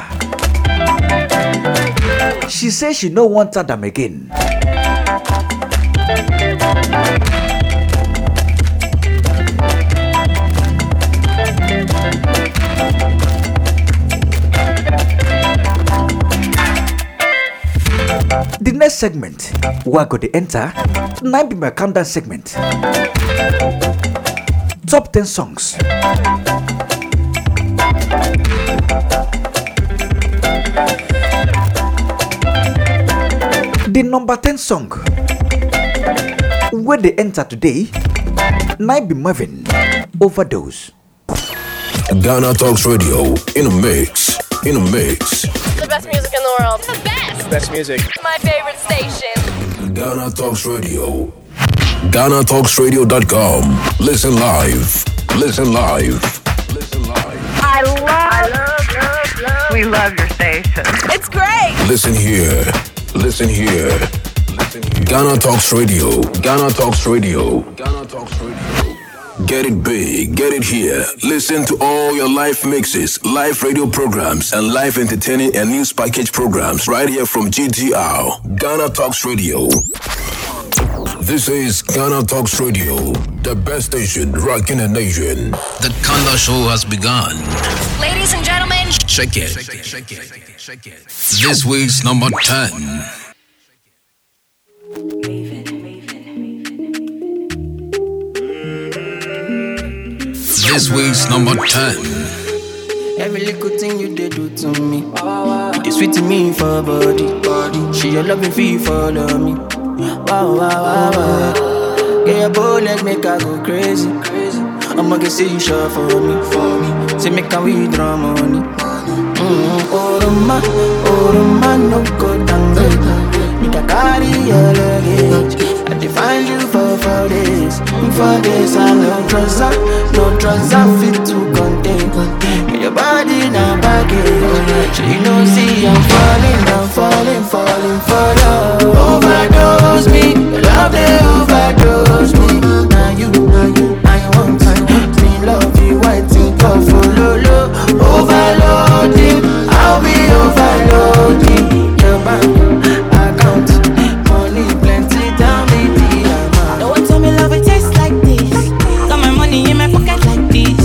she say she no want am again. The next segment where I go to enter, now be my countdown segment. Top ten songs The number 10 song where they enter today, be Marvin, Overdose. Ghana Talks Radio in a mix. In a mix. The best music in the world. The best. Best music. My favorite station. Ghana Talks Radio. Radio.com Listen live. Listen live. Listen live. I love, I love, love, love. We love your station. It's great. Listen here. Listen here. Ghana Talks Radio. Ghana Talks Radio. Ghana Talks Radio. Get it big, get it here. Listen to all your live mixes, live radio programs, and live entertaining and news package programs right here from GTR, Ghana Talks Radio. This is Ghana Talks Radio, the best station rocking the nation. The Kanda Show has begun. Ladies and gentlemen, Shake it. Shake it. Shake it. Shake it. This week's number 10. This week's number 10. Every little thing you did do to me. It's sweet to me for body. She your loving fee follow me. Wow, wow, wow, wow. Get your bullet, make I go crazy. I'ma get see you sure for me. For me. Say make a we draw money. Oruma, oruma nuko tango Nikakari luggage. I define you for four days For days I no trouser No trouser fit to contain But your body in a baggage She you know see I'm falling, I'm falling, falling for love Overdose me, love they overdose me Now you, now you, I want time Clean love you, white, think of follow, overload I'll be your bank account. Money plenty down in the amount. No one told me love it tastes like this. Got my money in my pocket like this.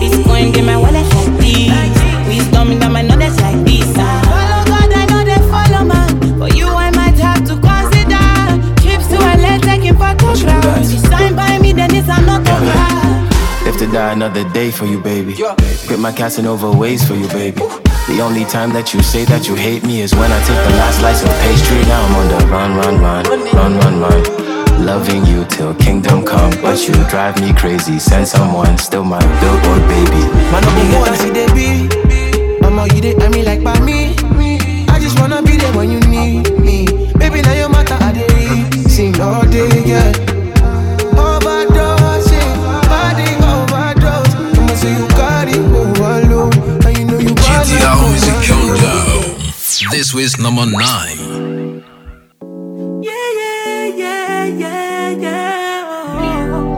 Bitcoin in my wallet like this. Wisdom in my knowledge like this. Follow God, I know they follow man. For you, I might have to consider. Trips to LA, taking photographs. You sign by me, then it's another yeah. Live to die another day for you, baby. Yeah. Quit my Casanova ways for you, baby. The only time that you say that you hate me is when I take the last slice of pastry. Now I'm on the run, run, run, run, run, run. Loving you till kingdom come, but you drive me crazy. Send someone, still my billboard baby. My number one, see they be. Mama, you they at me like by me. I just wanna be there when you need me. Baby, now your matter, I did. Sing all day, yeah. is number nine. Yeah, yeah, yeah, yeah, yeah.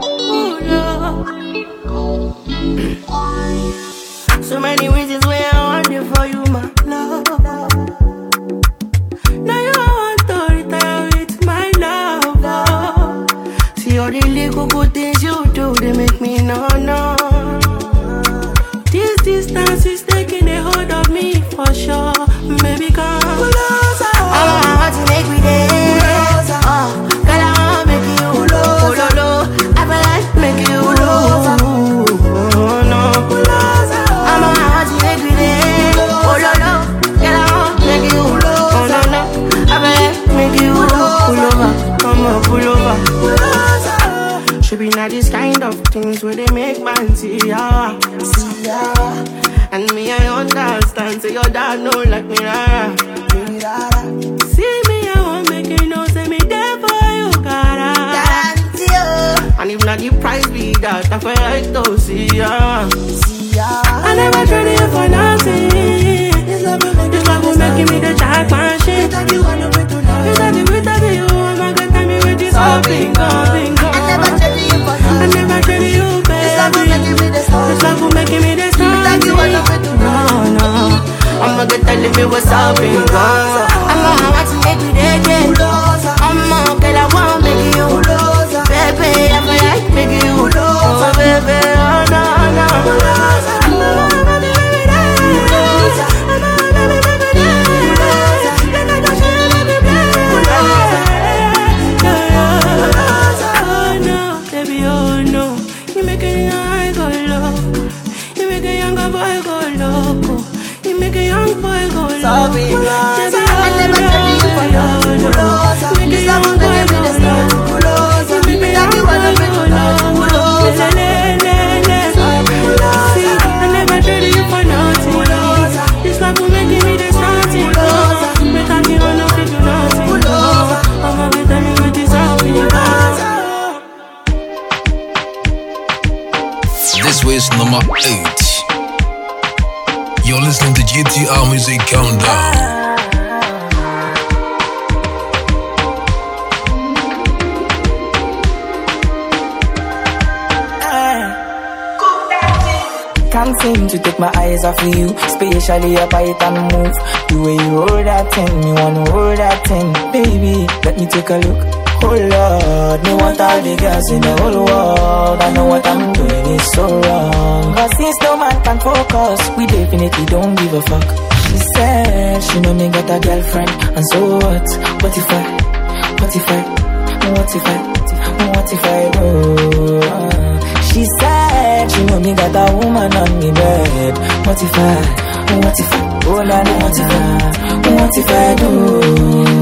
Oh, yeah. So many reasons why. and see ya. And me, I understand. Say your dad know like me. Rara. See me, I want make you know. Say me there for you, cara. Guarantee And if not, the price be that. I feel like to see ya. See ya. I never tried to I'ma get tell me what's up in Gaza. i am to make you dead, yeah. i am to I want make you. Baby, I'ma like make you. Oh, baby, oh, no, no. number 8. You're listening to GTR Music Countdown. can't seem to take my eyes off of you. especially up, I and move. The way you hold that thing, me wanna hold that thing, baby. Let me take a look. Oh Lord, me want all the girls in the whole world. I know what I'm doing is so wrong. But since no man can focus, we definitely don't give a fuck. She said she know me got a girlfriend, and so what? What if I? What if I? What if I? What if I She said she know me got a woman on me bed. What if I? What if, oh la la, what if I do?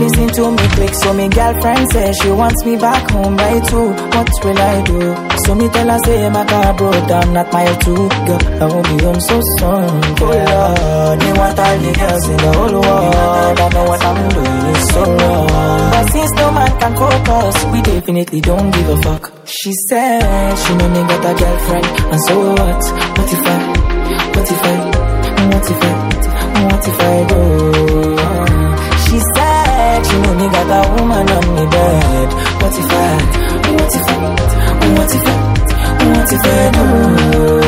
Listen to me click, so me girlfriend says she wants me back home by two. What will I do? So me tell her say my car broke down, not my two. Girl, I won't be home so soon. Oh Lord, they want all the girls in the whole world. I know what I'm doing is so wrong. But since no man can cope us, we definitely don't give a fuck. She said she know me got a girlfriend, and so what? What if I? What if I, what if I, what if I go? She said she know me got a woman on me bed. What if I, what if I, what if I, what if I go?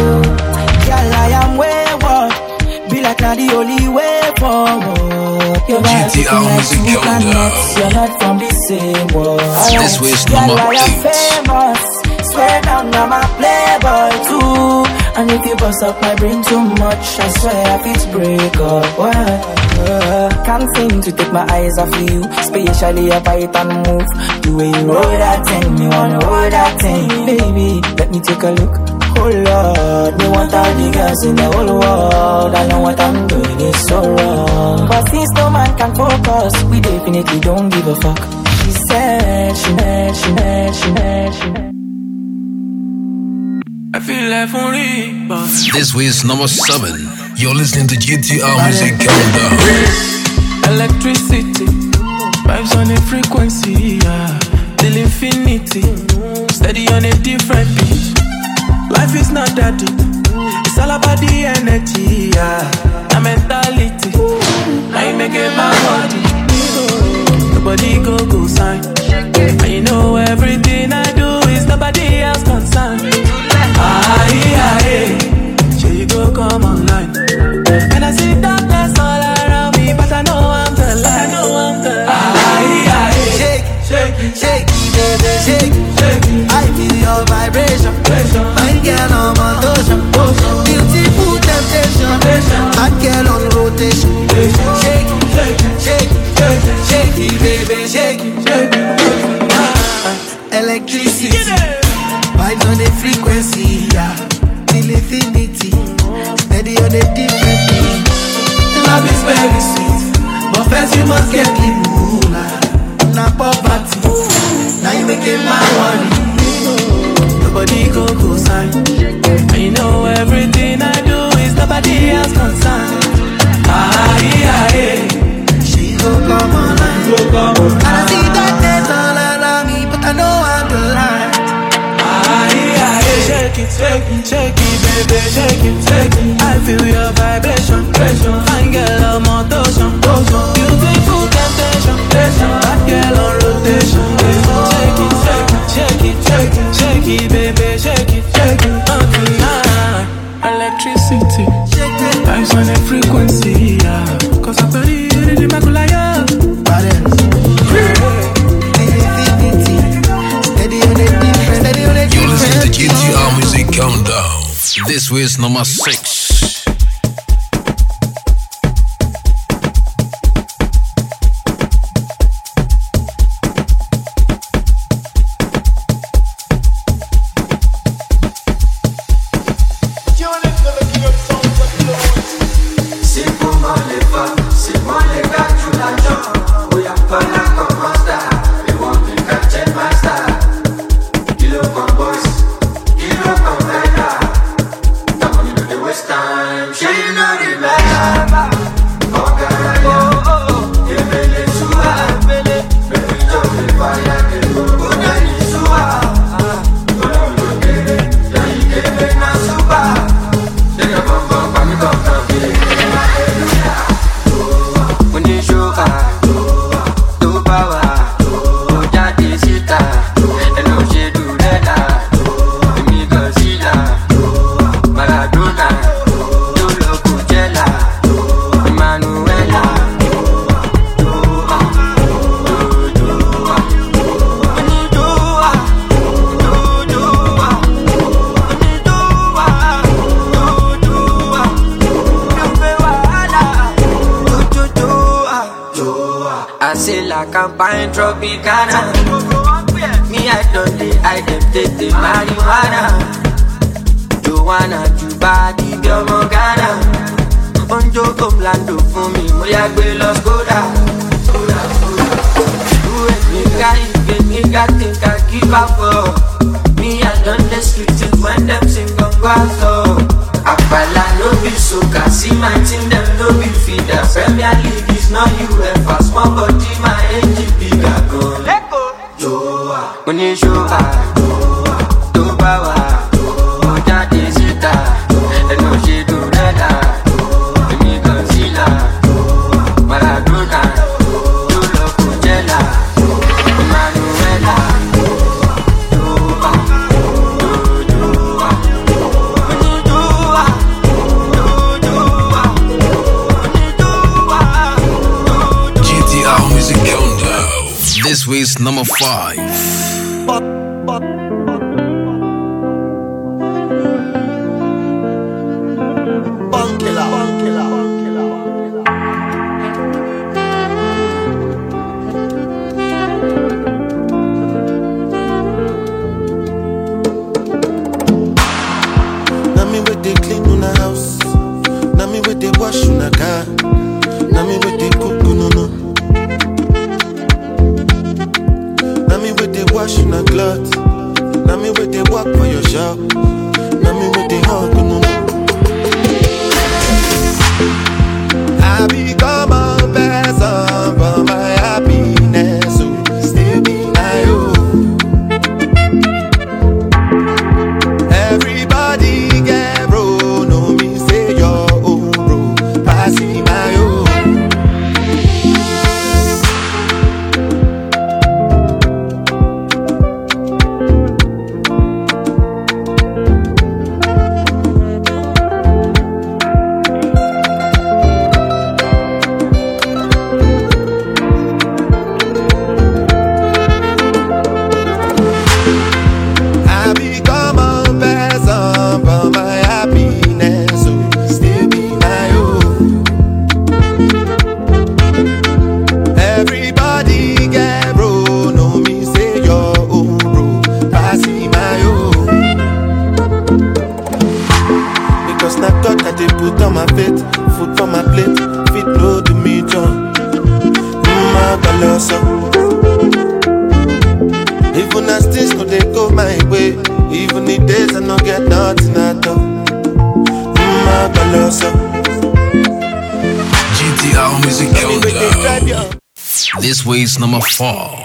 Girl, I am wayward. Be like not the only way forward. Your body is like you cannot. You're not from the same world. This right. way is number eight. Famous. Swear down, I'm a playboy too. And if you bust up my brain too much, I swear if it's break up. Whoa. Can't seem to take my eyes off you, especially a and move. The way you roll that thing, me wanna roll that thing, baby. Let me take a look. Oh Lord, me want all the girls in the whole world. I know what I'm doing is so wrong. But since no man can focus, we definitely don't give a fuck. She said, she said, she said, she said, she said. This week's number seven. You're listening to GTR Music Countdown. Electricity, vibes on a frequency, yeah. till infinity, steady on a different beat. Life is not that deep, it's all about the energy, yeah. The mentality, I am making my body. Nobody go go sign, I know everything I do is nobody else concerned go, come online. And I see all around me, but I know I'm the light. shake, baby, shake, I feel your vibration, my girl on beautiful temptation, my girl on rotation. I think I give up, oh Me, I done the street when them sing gongas, oh Akbala no be so see my team, them no be feeder Premier League is not UEFA, small body, my engine bigger, go Yo, when you show, I, do, do power twist number five. will fall.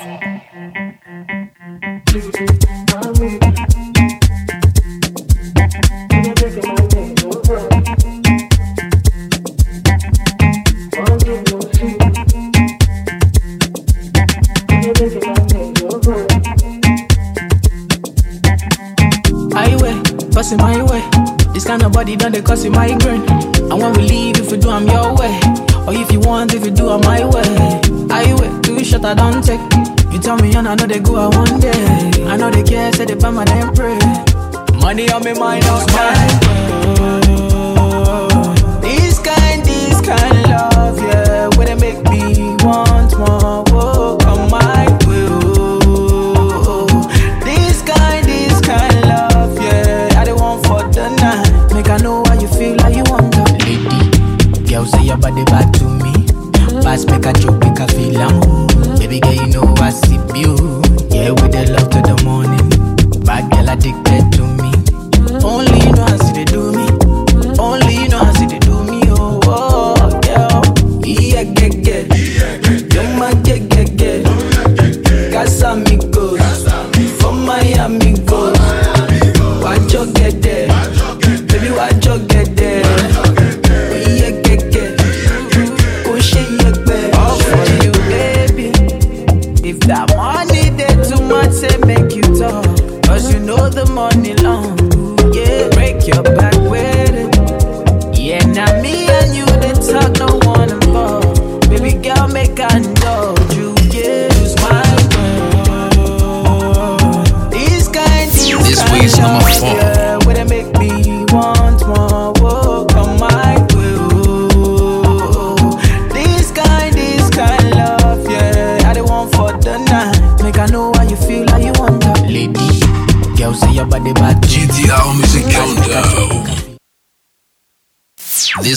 Highway, passing my way. This kind of body done they cause you migraine. I want to leave if you do, I'm your way. Or if you want, if you do, I'm my way. I don't take. You tell me, and I know they go out one day. I know they care, say they buy my damn pray. Money on me mind, this kind, this kind love, yeah, when it make me want more. Oh, come my way. Oh, this kind, this kind love, yeah, I don't for the night. Make I know how you feel, how you want Lady, girl, say your body back to me. Pass, make a joke, make a feel I'm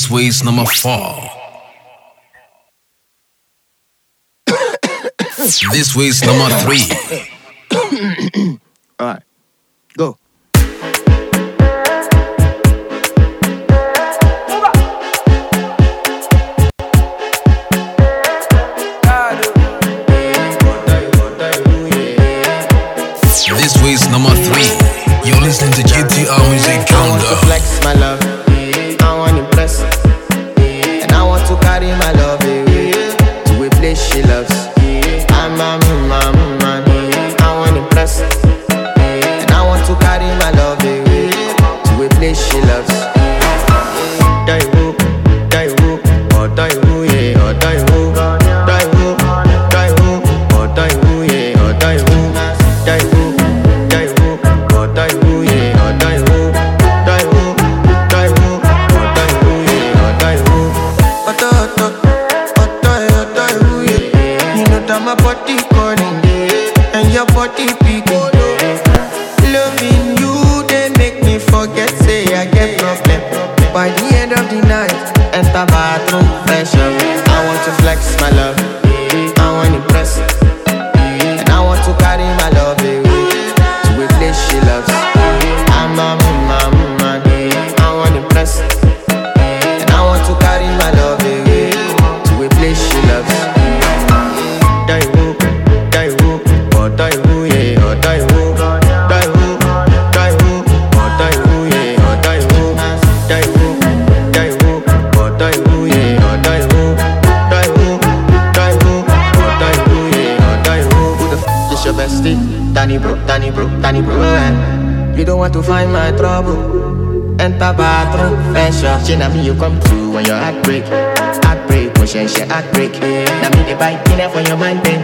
Sway's number four. this week's number three. la la say now me you come through when your heart break, heart break, when oh, she heart break. Now me the bike in for your mind.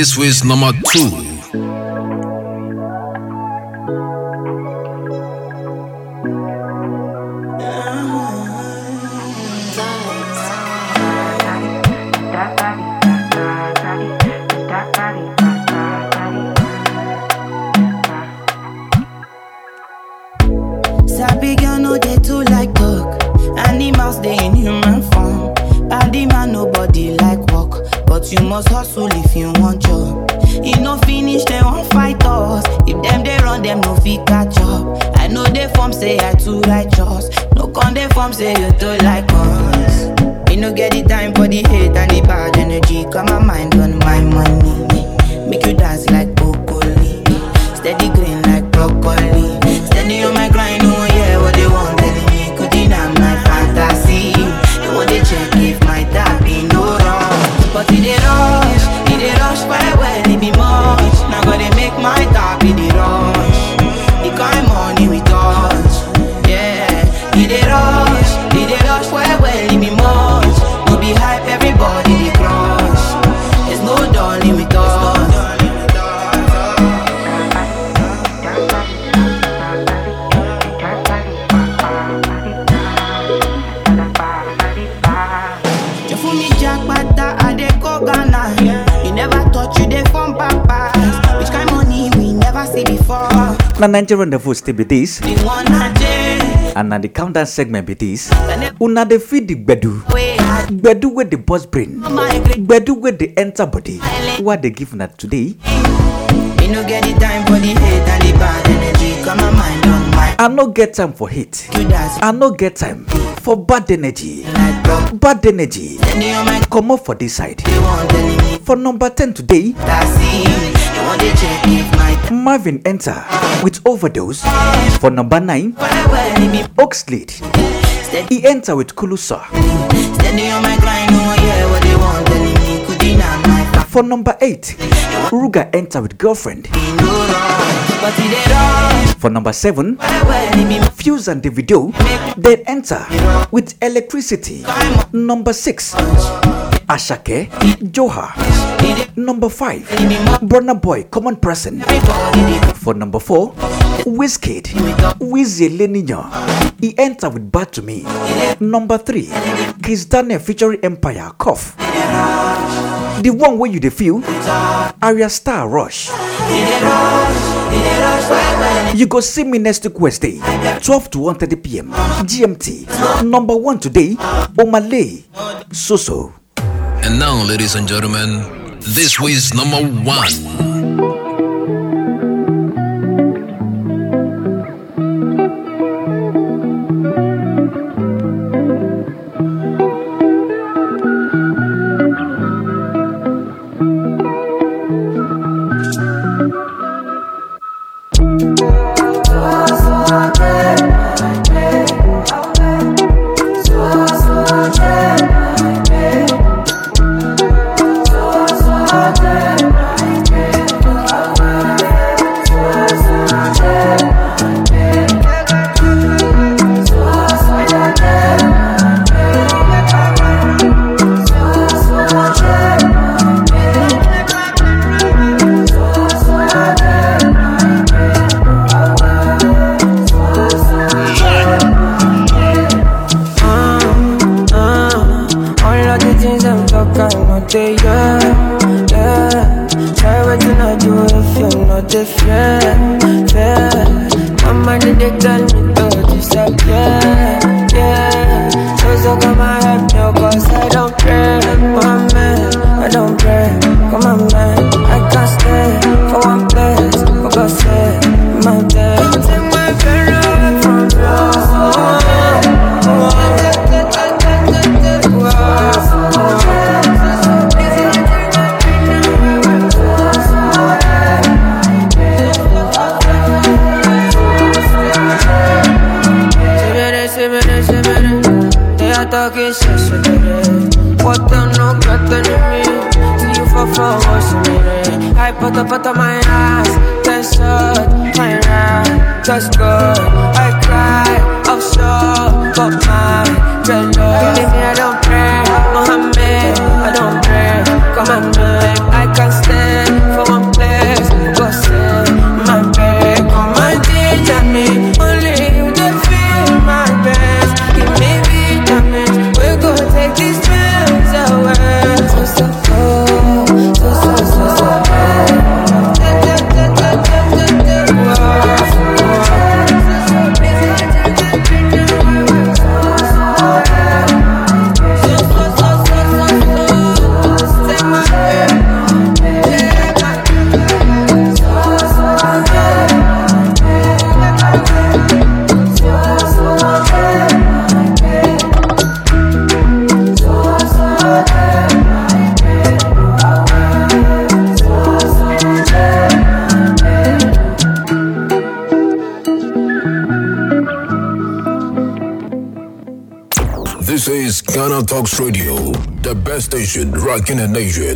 this was number two. if you want job. E no finish, they won't fight us. If them they run, them no fit catch up. I know they form say I too righteous. No con they form say you too like us. Me no get the time for the hate and the bad energy. Got my mind on my money. Make you dance like Now Nigerian the still be this. And na the countdown segment be this. Una dey feed the gbedu. Gbedu wey dey burst brain. Gbedu wey dey enter body. What dey give na today? Me no get the time for the hate and the bad energy. Come my mind on my. I no get time for hate. I no get time for bad energy bad energy come up for this side for number ten today marvin enter with overdose for number nine oxlade he enter with kulusa. For number 8, Ruga enter with girlfriend. For number 7, Fuse and the video then enter with electricity. Number 6, Ashake Joha. Number 5, Burna Boy Common Person. For number 4, Wizkid Wizzy Lenino. He enter with Bad to Me. Number 3, Kiss Daniel featuring Empire Cough. the one wey you dey feel aria star rush you go see me next week wednesday 12 to 1.30pm gmt number one today omale soso. and now ladies and gentlemen this week's number one. Rock in the Nation.